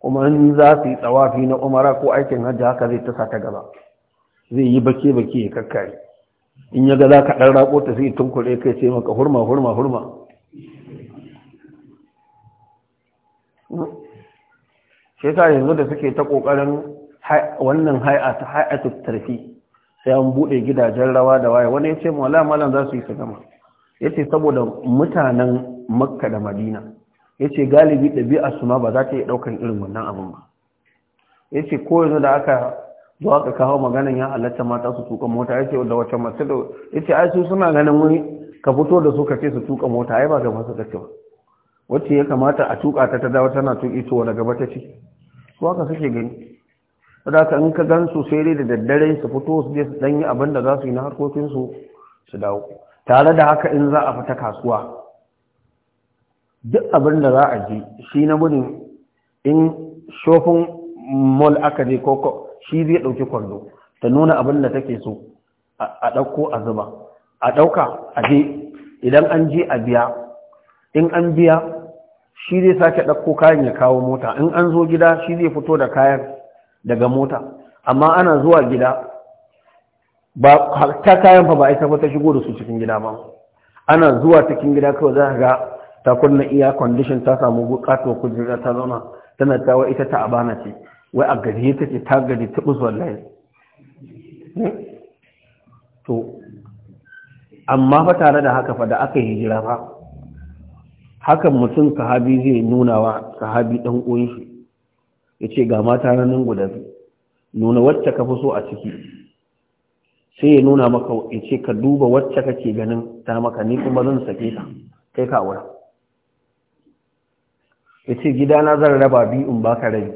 kuma in za su yi tsawafi na umara ko aikin hajji haka zai tasa ta gaba zai yi bake bake ya kakkare in ya ga za ka ɗan rako ta sai tunkure kai sai maka hurma hurma hurma shi yasa yanzu da suke ta kokarin wannan hai'a ta tarfi sai an bude gidajen rawa da waye wani yace mu malam za su yi su gama yace saboda mutanen Makka da Madina yace galibi ɗabi'a su ma ba za ta yi ɗaukan irin wannan abin ba yace ko yanzu da aka zo aka kawo maganan ya halatta mata su tuka mota yace da wacce mace da yace ai su suna ganin wani ka fito da su ka ce su tuka mota ai ba ga masu kace ba wacce ya kamata a tuka ta ta dawo tana tuki to wani gaba ta ci su haka suke gani ka in ka gan su sai dai da daddare su fito su je su yi abin da za su yi na harkokin su su dawo tare da haka in za a fita kasuwa duk abin da za a je shi na gudun in shofin mall aka je ko shi zai ɗauki kwando ta nuna abin da take so a ɗauko a zuba a ɗauka a je idan an je a biya in an biya shi zai sake ɗauko kayan ya kawo mota in an zo gida shi zai fito da kayan daga mota amma ana zuwa gida ba ta kayan fa ba a isa ta shigo da su cikin gida ba ana zuwa cikin gida kawai za ga ta kunna iya condition ta samu buƙatar kujera ta zauna tana tawa ita ta abana ce wai a gari ta ce ta gari ta ɓus wallahi hmm? amma fa tare da haka fa da aka yi jira fa hakan mutum sahabi zai nuna wa sahabi ɗan uwan ya ce ga mata nan guda biyu nuna wacce ka fi so a ciki sai ya nuna maka ya ce ka duba wacce kake ganin ta maka ni kuma zan sake ka kai ka wura ya ce gidana zan raba biyu in baka rabi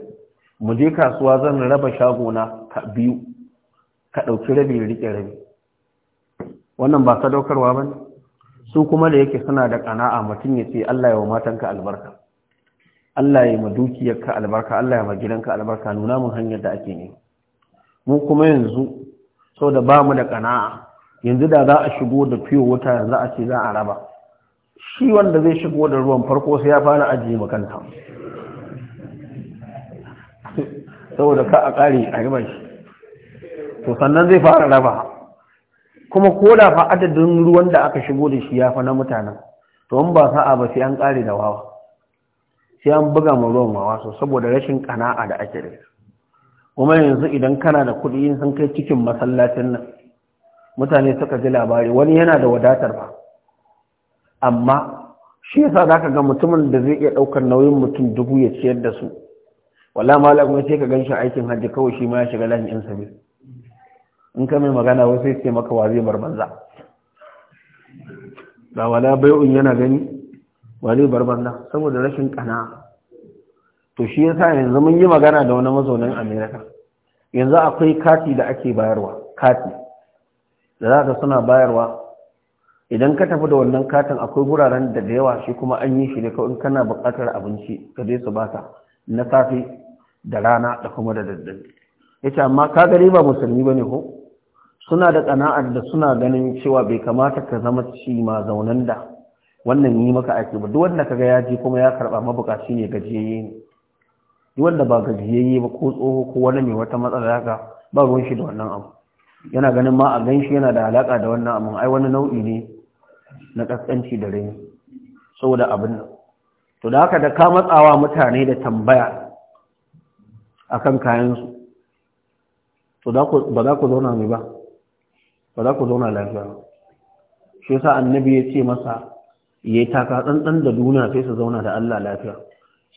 mu je kasuwa zan raba shagona ka biyu ka ɗauki rabi ya riƙe rabi wannan ba sadaukarwa ba ne su kuma da yake suna da kana'a mutum ya ce Allah ya wa matanka albarka Allah ya ma dukiyarka albarka Allah ya ma gidanka albarka nuna mun hanyar da ake ne mu kuma yanzu so da ba mu da ƙana'a yanzu da za a shigo da fiyo wuta yanzu a ce za a raba shi wanda zai shigo da ruwan farko sai ya fara ajiye makanta saboda ka a kare a yi shi to sannan zai fara raba kuma ko da fa adadin ruwan da aka shigo da shi ya fa na mutanen to an ba sa'a ba sai an kare da wawa sai an buga mu ruwan wawa so saboda rashin kana'a da ake da kuma yanzu idan kana da kuɗi in sun kai cikin masallacin nan mutane suka ji labari wani yana da wadatar ba amma shi yasa zaka ga mutumin da zai iya daukar nauyin mutum dubu ya ciyar da su wallahi malamin sai ka ganshi aikin hajji kawai shi ma ya shiga lahin in sabil in ka mai magana wasu ya ce maka wa zai bar ba wala bai'un yana gani wa zai bar saboda rashin kana to shi yasa yanzu mun yi magana da wani mazaunin amerika yanzu akwai kati da ake bayarwa kati da za ka suna bayarwa idan ka tafi da wannan katin akwai guraren da da yawa shi kuma an yi shi ne kawai kana bukatar abinci ka je su baka na safe da rana da kuma da daddare yace amma ka gari ba musulmi ne ko suna da ƙana'ar da suna ganin cewa bai kamata ka zama ci ma zaunan da wannan yi maka ake ba duk wanda kaga ya je kuma ya karba mabukaci ne gajiyayye ne duk wanda ba gajiyayye ba ko tsoho ko wani mai wata matsala haka ba ruwan shi da wannan abu yana ganin ma a ganshi yana da alaka da wannan abu ai wani nau'i ne na kaskanci da rai saboda abin nan to da haka da ka matsawa mutane da tambaya akan kayan su to ba za ku zauna mai ba ba za ku zauna lafiya ba shi yasa annabi ya ce masa yi taka tsantsan da duniya sai su zauna da Allah lafiya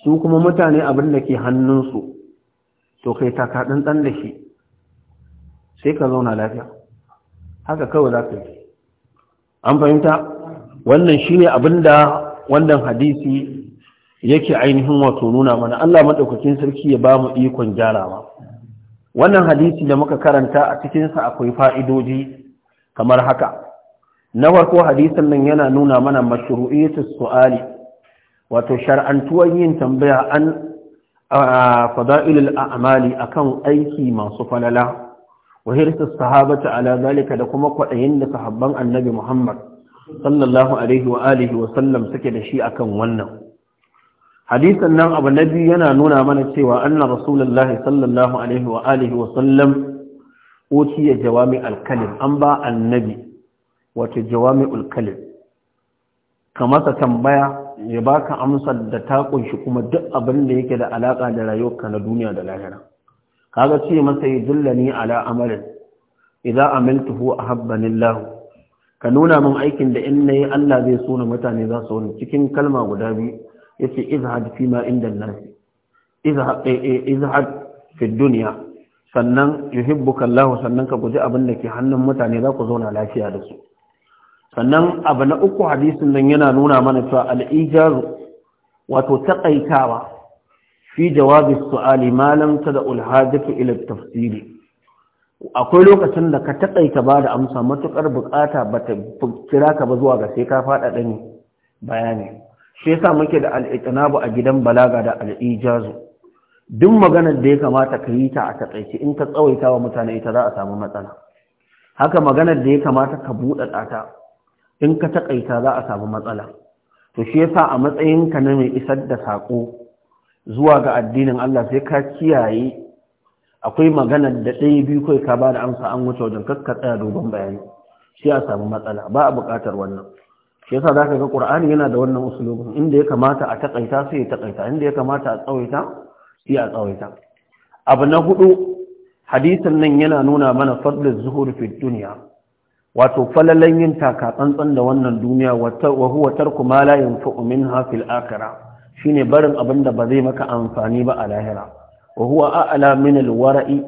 su kuma mutane abin da ke hannunsu to kai taka tsantsan da shi sai ka zauna lafiya haka kawai za ka yi an fahimta wannan shine abin da wannan hadisi yake ainihin wato nuna mana Allah madaukakin sarki ya ba mu ikon gyarawa wannan hadisi da muka karanta a cikinsa akwai fa'idoji kamar haka na farko hadisin nan yana nuna mana mashru'iyatus su'ali wato shar'antuwan yin tambaya an fada'ilul a'mali akan aiki masu falala wa sahabata ala zalika da kuma kwadayin da sahabban annabi Muhammad sallallahu alaihi wa alihi wa sallam suke da shi akan wannan hadisin nan abu nabi yana nuna mana cewa anna rasulullahi sallallahu alaihi wa alihi wa sallam utiya jawami alkalim an ba annabi wato jawami alkalim ka masa tambaya ya baka amsar da ta kunshi kuma duk abin da yake da alaka da rayuwarka na duniya da lahira kaga ce masa ya dullani ala amalin idza a ahabbani Allah ka nuna min aikin da in nayi Allah zai so na mutane za su wani cikin kalma guda biyu yace izhad fi ma inda nas izhad eh, eh, izhad fi dunya sannan yuhibbu kallahu sannan ka guji abin da ke hannun mutane za ku zauna lafiya da su sannan abu na uku hadisin nan yana nuna mana cewa al wato taqaitawa fi jawabi su'ali Malam ta da al-hajatu ila tafsiri akwai lokacin da ka taƙaita ba da amsa matukar buƙata ba ta kira ka ba zuwa ga sai ka faɗa ɗan bayani shi yasa muke da al'itinabu a gidan balaga da al'ijazu duk maganar da ya kamata ka yi ta a taƙaice, in ka tsawaita wa mutane ita za a samu matsala haka maganar da ya kamata ka buɗe ta in ka taƙaita za a samu matsala to shi yasa a matsayin ka na mai isar da saƙo zuwa ga addinin Allah sai ka kiyaye akwai maganar da ɗaya biyu kai ka ba da amsa an wuce wajen kakka tsaya dogon bayani Shi a samu matsala ba a buƙatar wannan shi yasa ka ga Ƙur'ani yana da wannan usulubin inda ya kamata a taƙaita, sai ya takaita inda ya kamata a tsawaita sai tsawaita abu na hudu hadisin nan yana nuna mana fadlul zuhur fi dunya wato falalan yin taka tsantsan da wannan duniya wa huwa tarku ma la yanfa'u minha fil akhirah shine barin abin da ba zai maka amfani ba a lahira wa huwa a'la min al wara'i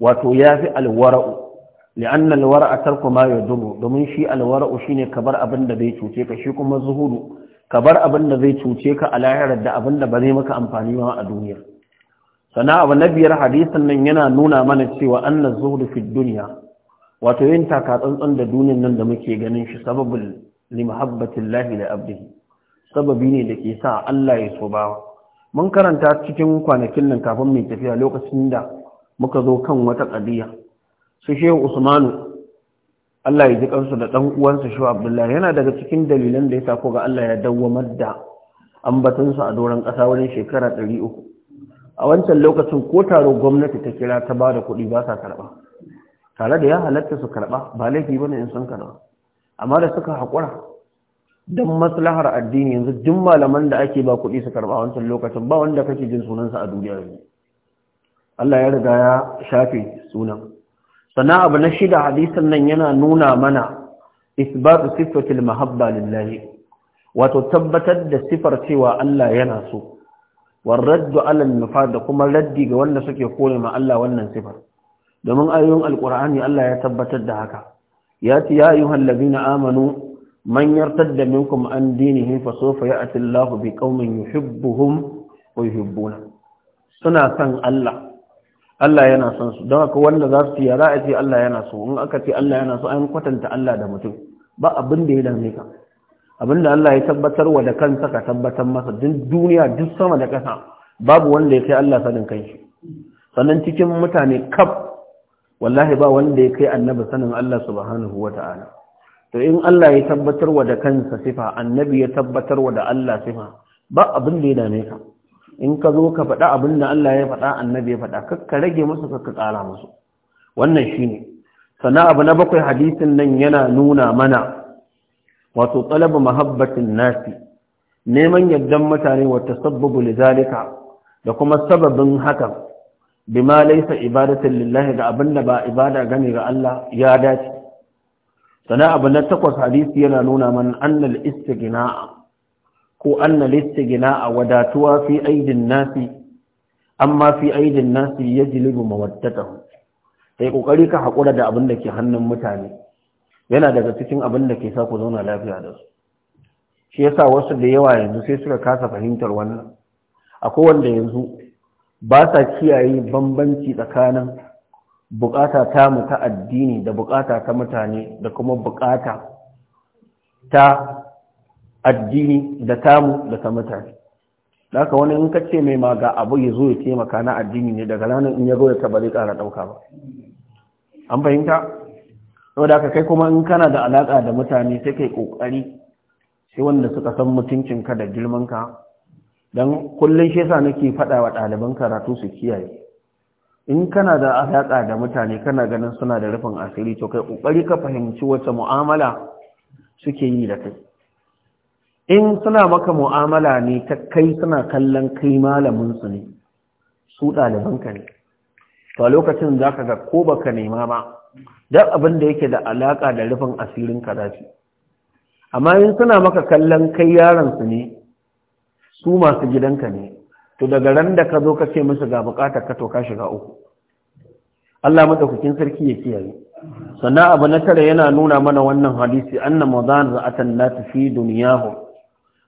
wato yafi al wara'u لأن الورع ترك ما يضر domin shi al'u-wara'u shine kabar abin da zai cuce ka shi kuma zuhudu kabar abin da zai cuce ka a lahirar da abin da ba zai maka amfani ba a duniya sana abu na biyar hadisin nan yana nuna mana cewa anna zuhdu fi wato yin taka tsantsan da duniyar nan da muke ganin shi sababin li muhabbatillahi da abdihi sababi ne da ke sa Allah ya so bawa mun karanta cikin kwanakin nan kafin mai tafiya lokacin da muka zo kan wata qadiya su shehu usmanu Allah ya ji kansu da dan uwansa shehu abdullahi yana daga cikin dalilan da ya sa ko ga Allah ya dawwamar da ambatansa a doron ƙasa wurin shekara 300 a wancan lokacin ko taro gwamnati ta kira ta ba da kuɗi ba sa karɓa tare da ya halatta su karɓa ba laifi ba ne in sun karɓa amma da suka haƙura don maslahar addini yanzu duk malaman da ake ba kuɗi su karɓa a wancan lokacin ba wanda kake jin sunansa a duniya yanzu Allah ya riga ya shafe sunan sannan abu na shida hadisan nan yana nuna mana isbatu sifatil mahabba lillahi wato tabbatar da sifar cewa Allah yana so alal nufa da kuma raddi ga wanda suke kone ma Allah wannan sifar domin ayoyin alqur'ani Allah ya tabbatar da haka yati ya ayyuhal ladina amanu man yartadda minkum an dinihi fa sawfa ya'ti Allahu biqaumin yuhibbuhum wa yuhibbuna suna san Allah Allah yana son su don haka wanda za su yara a ce Allah yana so in aka ce Allah yana so an kwatanta Allah da mutum ba abin da ya dame ka abinda Allah ya tabbatar wa da kansa ka tabbatar masa duk duniya duk sama da ƙasa babu wanda ya kai Allah sanin kanshi sannan cikin mutane kaf wallahi ba wanda ya kai annabi sanin Allah subhanahu wata'ala to in Allah ya tabbatar wa da kansa sifa annabi ya tabbatar wa da Allah sifa ba abin da ya dame ka in ka zo ka faɗa abin da Allah ya faɗa annabi ya faɗa kakka rage musu kakka ƙara musu wannan shine sannan abu na bakwai hadisin nan yana nuna mana wato talabu mahabbatin nasi neman yardan mutane wata tasabbabu lizalika da kuma sababin hakan bima laysa ibadatan lillahi da abinda ba ibada gane ga Allah ya dace sana abu na takwas hadisi yana nuna man annal istighna'a ko annal istighna'a wadatuwa fi aidin nasi amma fi aidin nasi yajlibu mawaddatahu sai kokari ka hakura da abin da ke hannun mutane yana daga cikin abin da ke sa ku zauna lafiya da su shi yasa wasu da yawa yanzu sai suka kasa fahimtar wannan akwai wanda yanzu ba sa kiyaye bambanci tsakanin bukata ta mu ta addini da bukata ta mutane da kuma bukata ta addini da tamu da ta mutane daga wani in ka ce mai ma ga abu ya zo ya taimaka na addini ne daga ranar in ya zo ya taba zai kara dauka ba an fahimta da aka kai kuma in kana da alaƙa da mutane sai kai ƙoƙari, sai wanda suka san mutuncinka da girmanka don kullum shi yasa nake faɗa wa ɗaliban karatu su kiyaye in kana da alaƙa da mutane kana ganin suna da rufin asiri to kai ƙoƙari ka fahimci wata mu'amala suke yi da kai in suna maka mu'amala ne ta kai suna kallon kai malaminsu ne su ɗalibanka ne to a lokacin za ka ga ko baka nema ba duk abin da yake da alaka da rufin asirin karatu. amma in suna maka kallon kai yaransu ne su masu gidanka ne to daga ran da ka zo ka ce musu ga bukatar ka to ka shiga uku Allah madaukakin sarki ya kiyaye sannan abu na tare yana nuna mana wannan hadisi anna madan za'atan la tafi dunyahu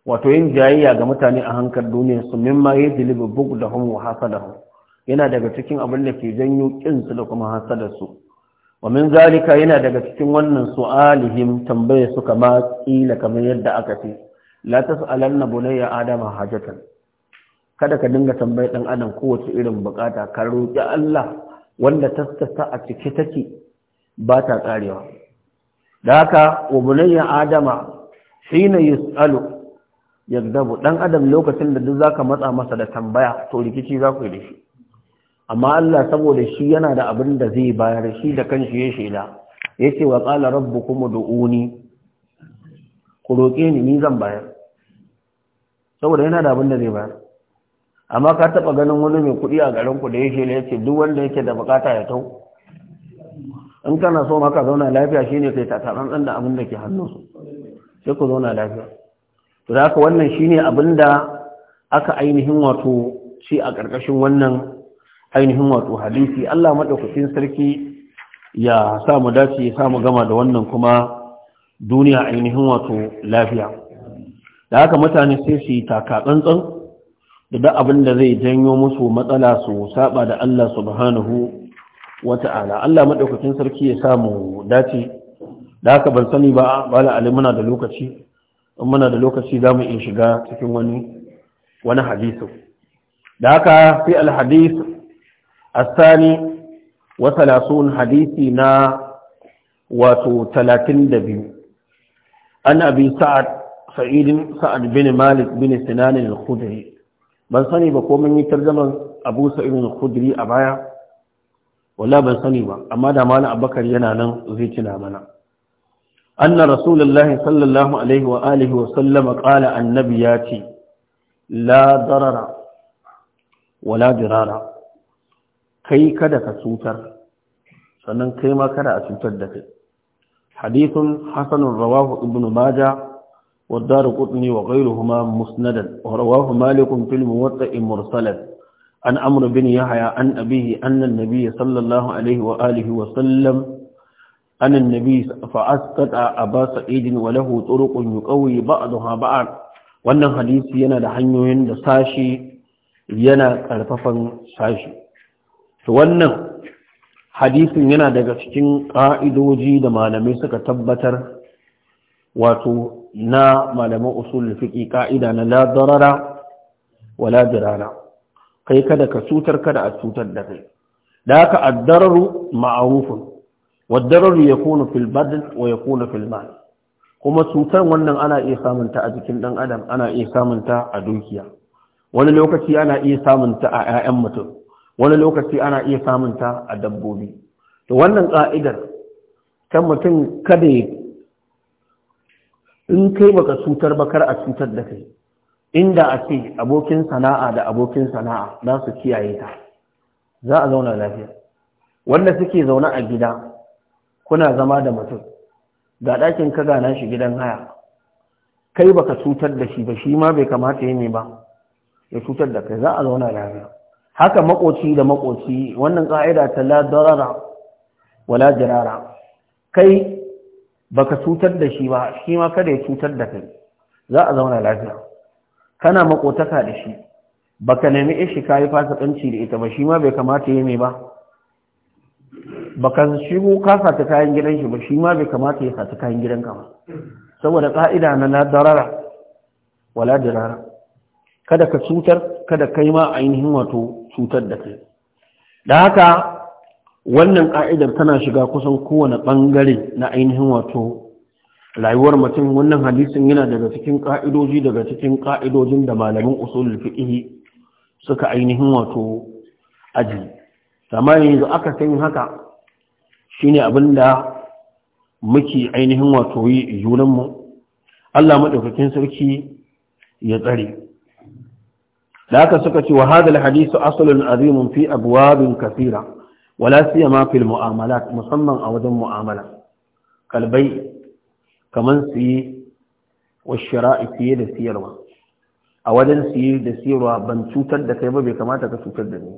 wato yin jayayya ga mutane a hankar duniya su mimma da bugdahum wa hasadahum yana daga cikin abin da ke janyo kinsu da kuma su. wa min zalika yana daga cikin wannan su'alihim tambaye suka kama kila kamar yadda aka ce la tas'alanna bunayya adama hajatan kada ka dinga tambayar dan adam kowace irin bukata ka roki Allah wanda taskata a cike take ba ta karewa da haka wa bunayya adama shine yus'alu yadda dan adam lokacin da duk zaka matsa masa da tambaya to rikici za ku yi da shi amma Allah saboda shi yana da abin da zai bayar shi da kanshi ya shaida ce wa qala kuma du'uni ku roƙe ni ni zan bayar saboda yana da abin da zai bayar amma ka taɓa ganin wani mai kuɗi a garin ku da ya shaida yace duk wanda yake da bukata ya tau in kana so maka zauna lafiya shine kai ta tsaran da abin da ke hannu su, sai ku zauna lafiya to da haka wannan shine abin da aka ainihin wato shi a ƙarƙashin wannan ainihin wato hadisi Allah madaukakin sarki ya sa mu dace ya sa mu gama da wannan kuma duniya ainihin wato lafiya da haka mutane sai su taka tsantsan da duk abin da zai janyo musu matsala su saba da Allah subhanahu wata'ala Allah madaukakin sarki ya sa mu dace da haka ban sani ba bala ali muna da lokaci in muna da lokaci za mu in shiga cikin wani wani hadisi da haka fi alhadis الثاني وثلاثون حديثنا وثلاثين دبيو أن أبي سعد سعيد سعد بن مالك بن سنان الخدري ban sani ba ko mun yi tarjaman Abu Sa'id al-Khudri a baya wala ban sani ba amma da malam Abubakar yana nan zai cina mana anna rasulullah sallallahu alaihi wa alihi wa sallam annabi ya ce la darara wala kai kada ka cutar sannan kai ma kada a cutar da kai hadithun hasanun rawahu ibnu maja wa Kudni wa ghayruhuma musnadan wa rawahu malik fil muwatta' mursalan an amr bin yahya an abihi anna an-nabiy sallallahu alayhi wa alihi wa sallam أن النبي فأسقط أبا سعيد وله طرق يقوي بعضها بعض wannan hadisi yana da hanyoyin da sashi yana ƙarfafan sashi su wannan hadisin yana daga cikin ƙa'idoji da malamai suka tabbatar wato na malaman usul fiƙi ƙa'ida na ladarara wa ladarara kai kada ka cutar kada a cutar da kai da aka addararu ma'arufin waddararu ya kuna filbadin wa ya kuna filman kuma cutar wannan ana iya samunta a jikin ɗan adam ana iya samunta a dukiya wani lokaci ana iya samunta a 'ya'yan mutum wani lokaci ana iya samun ta a dabbobi to wannan ka'idar kan mutum kada ya in kai baka cutar bakar a cutar da kai inda a abokin sana'a da abokin sana'a za su kiyaye ta za a zauna lafiya wanda suke zaune a gida kuna zama da mutum ga ɗakin ka gana shi gidan haya kai baka cutar da shi ba shi ma bai kamata yi ne ba ya cutar da kai za a zauna lafiya haka makoci da makoci wannan ka'ida ta la darara wala jirara kai baka cutar da shi ba shi ma kada ya cutar da kai za a zauna lafiya kana makotaka da shi baka nemi ishi fasa fasikanci da ita ba shi ma bai kamata ya mai ba baka shigo ka sata kayan gidan shi ba shi ma bai kamata ya sata kayan gidan ka ba saboda ka'ida na la darara wala jirara kada ka cutar kada kai ma ainihin wato cutar da kai da haka wannan ka'idar tana shiga kusan kowane ɓangare na ainihin wato rayuwar mutum wannan hadisin yana daga cikin ka'idoji daga cikin ka'idojin da malamin usulul fiqh suka ainihin wato aji amma yanzu aka san haka shine da muke ainihin wato yi junanmu Allah madaukakin sarki ya tsare da haka suka ce wa hadal hadisu asalin azimun fi abuwabin kafira wala siyama fil mu'amala, musamman a wajen mu'amala kalbai kamar siye wa shira'i fiye da siyarwa a wajen siye da siyarwa ban cutar da kai ba bai kamata ka cutar da ni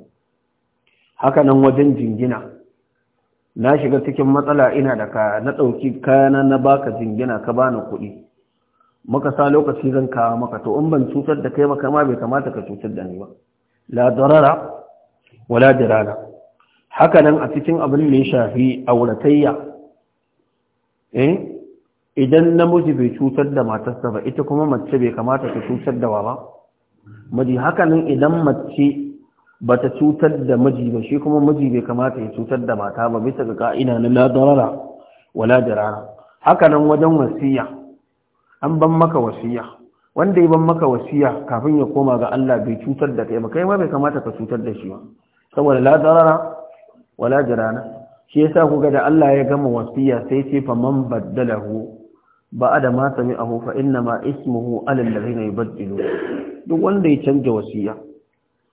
haka nan wajen jingina na shiga cikin matsala ina da ka na ɗauki kayana na baka jingina ka bani kuɗi muka sa lokaci zan kawo maka to in ban cutar da kai maka ma bai kamata ka cutar da ni ba la darara wala dirala haka nan a cikin abin da ya shafi auratayya eh idan namiji bai cutar da matarsa ba ita kuma mace bai kamata ta cutar da wa ba miji haka nan idan mace bata cutar da miji ba shi kuma miji bai kamata ya cutar da mata ba bisa ga ka'ida na la darara wala dirala haka nan wajen wasiya an ban maka wasiya wanda ya ban maka wasiya kafin ya koma ga Allah bai cutar da kai ba kai ma bai kamata ka cutar da shi ba saboda la darara wala jirana shi yasa ku ga da Allah ya gama wasiya sai ce fa man baddalahu da ma sami'ahu fa inna ma ismuhu 'ala alladhina yubaddilu duk wanda ya canja wasiya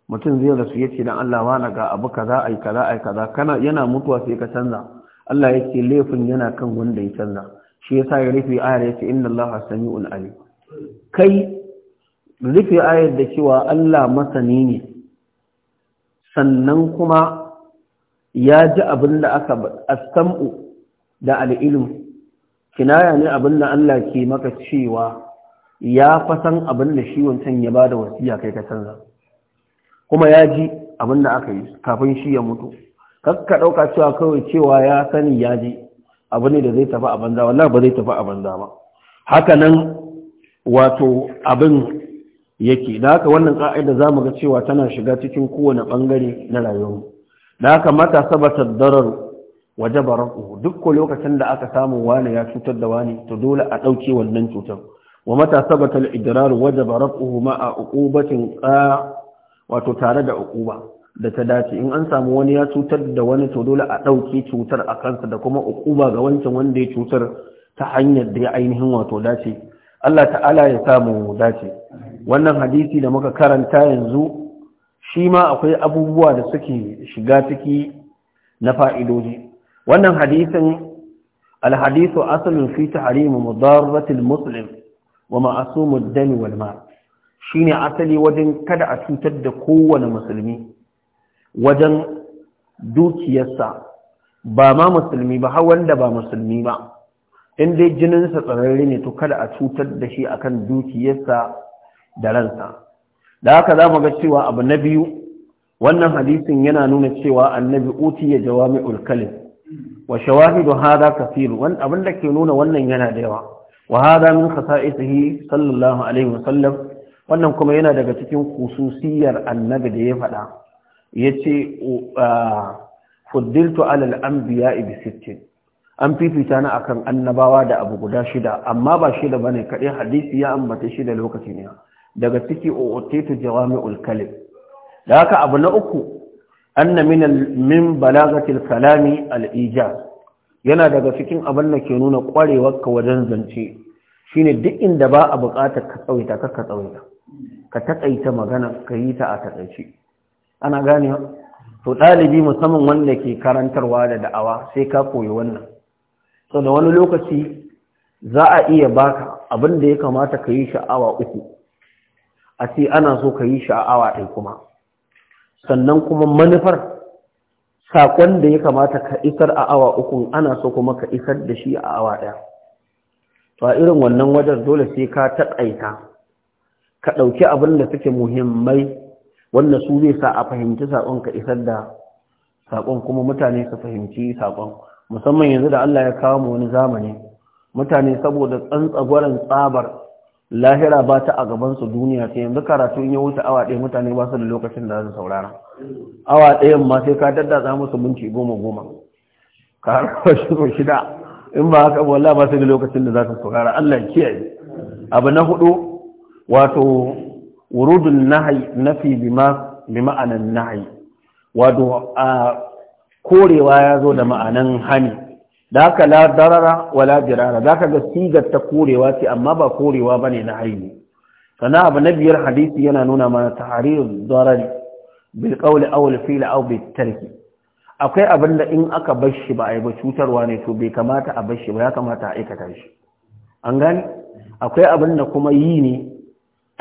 mutum zai rasu ya ce dan Allah wa na ga abu kaza ai kaza ai kaza kana yana mutuwa sai ka canza Allah yake laifin yana kan wanda ya canza shi yasa ya rufe ayar yace inna allaha sami'un alim kai rufe ayar da cewa Allah masani ne sannan kuma ya ji abin da aka astam'u da al'ilim kinaya ne abin da Allah ke maka cewa ya fasan abin da shi wancan ya bada da wasiya kai ka canza kuma ya ji abin da aka yi kafin shi ya mutu kakka ɗauka cewa kawai cewa ya sani ya ji abu ne da zai tafi a banza wallahi ba zai tafi a banza ba haka nan wato abin yake da haka wannan ka'ida za mu ga cewa tana shiga cikin kowane ɓangare na rayuwar da haka mata sabata darar waje baraku duk ko lokacin da aka samu wani ya cutar da wani to dole a ɗauke wannan cutar wa mata sabata idrar waje baraku ma a uqubatin wato tare da uquba da ta dace in an samu wani ya cutar da wani to dole a ɗauki cutar a kansa da kuma uquba ga wancan wanda ya cutar ta hanyar da ya ainihin wato dace Allah ta'ala ya samu dace wannan hadisi da muka karanta yanzu shi ma akwai abubuwa da suke shiga ciki na fa'idoji wannan hadisin alhadisu asalin fi tahrimu mudarratil muslim wa ma'asumud dami wal ma shine asali wajen kada a cutar da kowane musulmi wajen dukiyarsa ba ma musulmi ba har wanda ba musulmi ba in dai jininsa tsararri ne to kada a cutar da shi akan dukiyarsa da ransa da haka za mu ga cewa abu na biyu wannan hadisin yana nuna cewa annabi uti ya jawami'ul kalim wa shawahidu hadha kathir wan abin da ke nuna wannan yana da yawa wa hadha min khasa'isihi sallallahu alaihi wasallam wannan kuma yana daga cikin khususiyar annabi da ya faɗa yace fuddiltu alal anbiya bi sittin an fifita na akan annabawa da abu guda shida amma ba shida bane kadai hadisi ya ambata shida lokaci ne daga ciki utitu jawami'ul kalim da haka abu na uku anna min min balagatil kalami al ijaz yana daga cikin abin da ke nuna kwarewar ka wajen zance shine duk inda ba a buƙatar ka tsawaita ka tsawaita ka takaita magana ka yi ta a takaici ana ganewa to ɗalibi musamman wanda ke karantarwa da da'awa sai ka koyi wannan so da wani lokaci za a iya baka abin da ya kamata ka yi sha'awa uku a ce ana so ka yi sha'awa ɗai kuma sannan kuma manufar saƙon da ya kamata ka isar a awa uku ana so kuma ka isar da shi a awa ɗaya to a irin wannan wajen dole sai ka taƙaita ka ɗauki abin da suke muhimmai wanda su zai sa a fahimci saƙon ka isar da saƙon kuma mutane su fahimci saƙon musamman yanzu da Allah ya kawo mu wani zamani mutane saboda tsantsagwaran tsabar lahira ba ta a gabansu duniya ta yanzu karatu in ya wuce awa ɗaya mutane ba su da lokacin da za su saurara awa ɗayan ma sai ka daddatsa musu minti goma goma ka harba shida in ba haka wala ba su da lokacin da za su saurara Allah ya kiyaye abu na hudu wato wurudun nahi nafi bi ma'anan nahi wato a korewa ya zo da ma'anan hani da haka la darara wala birara. za ka ga sigar ta korewa ce amma ba korewa bane na haini sana abu na biyar hadisi yana nuna mana taharirin darari bil qawli aw al fi'li akwai abin da in aka bar ba a yi ba cutarwa ne to bai kamata a bar ba ya kamata a aikata shi an gani akwai abin da kuma yi ne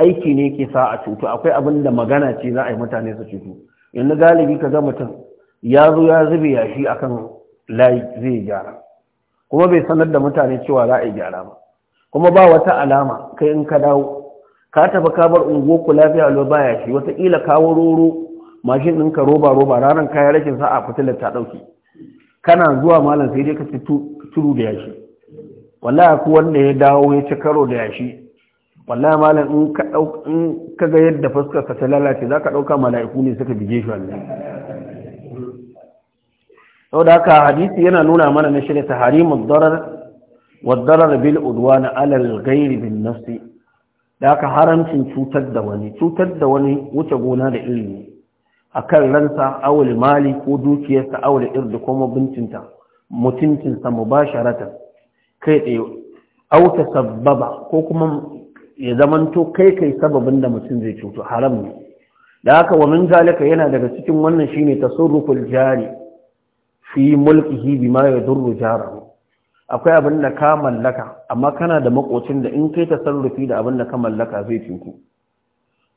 aiki ne ke sa a cutu akwai abin da magana ce za a yi mutane su cutu yanzu galibi ka ga mutum ya zo ya zube yashi akan layi zai gyara kuma bai sanar da mutane cewa za a yi gyara ba kuma ba wata alama kai in ka dawo ka tafi ka bar unguwarku ku lafiya lo ba yashi wataƙila kawo roro mashin ka roba roba ranar kayan rashin sa'a fitilar ta ɗauke kana zuwa malam sai dai ka turu da yashi wallahi ku wanda ya dawo ya ci karo da yashi wallahi malam in ka dau in kaga yadda fuskar ta lalace zaka dauka mala'iku ne suka bige shi wallahi saboda haka hadisi yana nuna mana na shirya taharimu darar والضرر بالعدوان على الغير بالنفس daka haramcin cutar da wani cutar da wani wuce gona da ilimi akan ransa awul mali ko dukiyarsa awul irdi ko mabuncinta mutuncinsa mubasharatan kai tsaye aw ta sababa ko kuma ya zamanto kai kai sababin da mutum zai cutu haram ne da haka wa min zalika yana daga cikin wannan shine tasarruful jari fi mulkihi bima yadurru jarahu akwai abin da ka mallaka amma kana da makocin da in kai tasarrufi da abin da ka mallaka zai cutu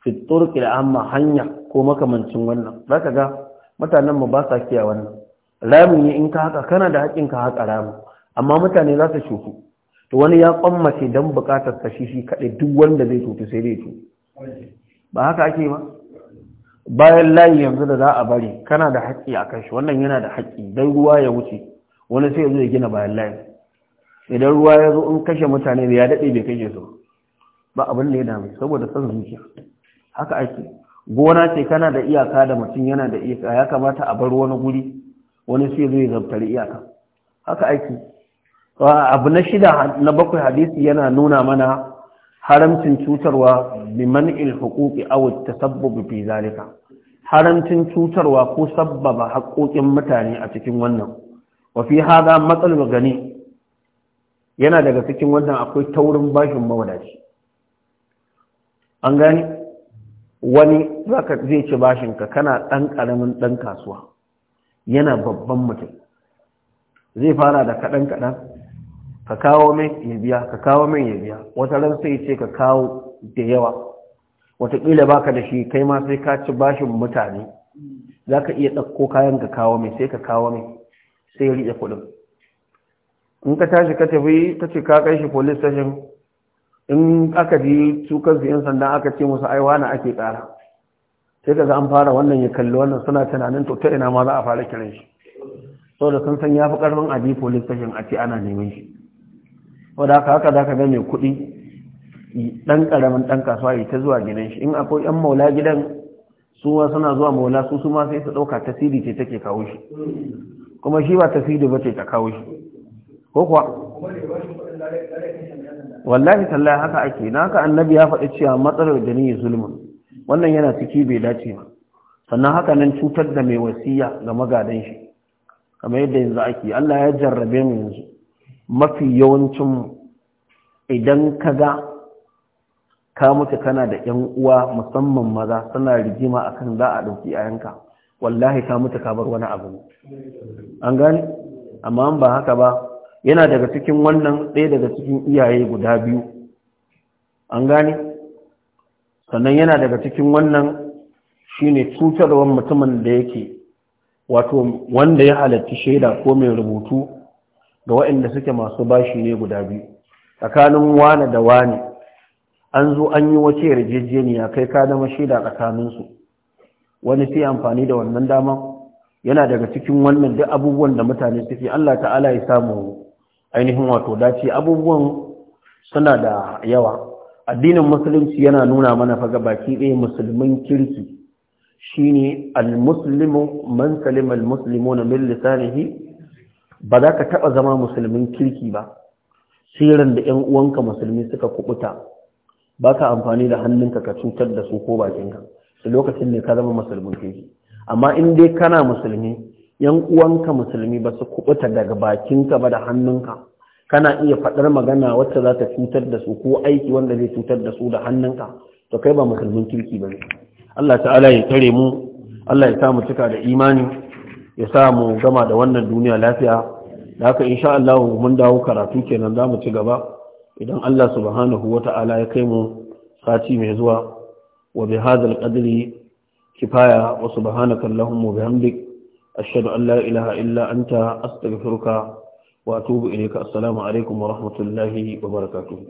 fi turqi amma hanya ko makamancin wannan zaka ga mutanen mu ba sa kiya wannan rami ne in ka haka kana da haƙin ka haƙa ramin, amma mutane za su cutu to wani ya kwammace don bukatar kashi shi kaɗai duk wanda zai tutu sai zai tu ba haka ake ba bayan layi yanzu da za a bari kana da haƙƙi a kan wannan yana da haƙƙi don ruwa ya wuce wani sai zai gina bayan layi idan ruwa ya zo in kashe mutane da ya daɗe bai kashe su ba abin da ya dame saboda son zuciya haka ake gona ce kana da iyaka da mutum yana da iyaka ya kamata a bar wani guri wani sai zai zartar iyaka haka ake abu na shida na bakwai hadisi yana nuna mana haramcin cutarwa biman ilhukuki awu ta sabbabi fi zalika haramcin cutarwa ko sabbaba haƙoƙin mutane a cikin wannan wafi haza matsalul gani yana daga cikin wannan akwai taurin bashin mawadaci an gani wani zaka zai ci bashin ka, kana ɗan karamin ɗan kasuwa yana babban mutum zai fara da kaɗan-kaɗan ka kawo min ya biya ka kawo min ya biya wata ran sai ce ka kawo da yawa wataƙila baka da shi kai ma sai ka ci bashin mutane za ka iya ɗauko kayan ka kawo min, sai ka kawo min. sai riƙe kuɗin in ka tashi ka tafi ka ce ka kai shi police station in aka ji su yan sanda aka ce musu ai wani ake ƙara sai ka ga an fara wannan ya kalli wannan suna tunanin to ta ina ma za a fara kiran shi saboda sun san ya fi ƙarfin a police station a ce ana neman shi wadda haka haka za ka ga mai kuɗi ɗan karamin ɗan kasuwa yi ta zuwa gidan shi in akwai ‘yan maula gidan suwa suna zuwa maula su su ma sai su dauka tasiri ce take kawo shi kuma shi ba tasiri ba ce ta kawo shi ko kuwa wallahi tallahi haka ake na haka annabi ya faɗi cewa matsalar da ni zulmun wannan yana ciki bai dace ba sannan haka nan cutar da mai wasiya ga magadan shi kamar yadda yanzu ake Allah ya jarrabe mu yanzu mafi yawancin idan ka ga ka mutu kana da ‘yan uwa musamman maza suna rigima akan za a ɗauki yayanka wallahi ka mutu ka bar wani abu an gani amma ba haka ba yana daga cikin wannan ɗaya daga cikin iyaye guda biyu an gani sannan yana daga cikin wannan shine cutarwar mutumin da yake wato wanda ya halarci shaida ko mai rubutu ga waɗanda suke masu bashi ne guda biyu tsakanin wane da wane an zo an yi wace yarjejeniya kai ka mashi da tsakaninsu wani sai amfani da wannan dama yana daga cikin wannan duk abubuwan da mutane suke Allah ta'ala ya samu ainihin wato dace abubuwan suna da yawa addinin musulunci yana nuna mana faga baki ɗaya musulmin kirki shine al-muslimu man salima al-muslimuna min lisanihi ba za ka taɓa zama musulmin kirki ba siran da ‘yan uwanka musulmi suka kubuta ba ka amfani da hannunka ka cutar da su ko bakinka su lokacin ne ka zama musulmin kirki amma in dai kana musulmi ‘yan uwanka musulmi ba su kubuta daga bakinka ba da hannunka kana iya faɗar magana wacce za ta cutar da su ko aiki wanda zai cutar da su da hannunka to kai ba musulmin kirki ba ne Allah ta'ala ya tare mu Allah ya sa mu cika da imani ya sa mu gama da wannan duniya lafiya da haka insha Allah mun dawo karatu kenan za mu ci gaba idan Allah subhanahu wa ta'ala ya kai mu sati mai zuwa wa bi hadha qadri kifaya wa subhanaka allahumma bihamdik ashhadu an la ilaha illa anta astaghfiruka wa atubu ilayka assalamu alaikum wa rahmatullahi wa barakatuh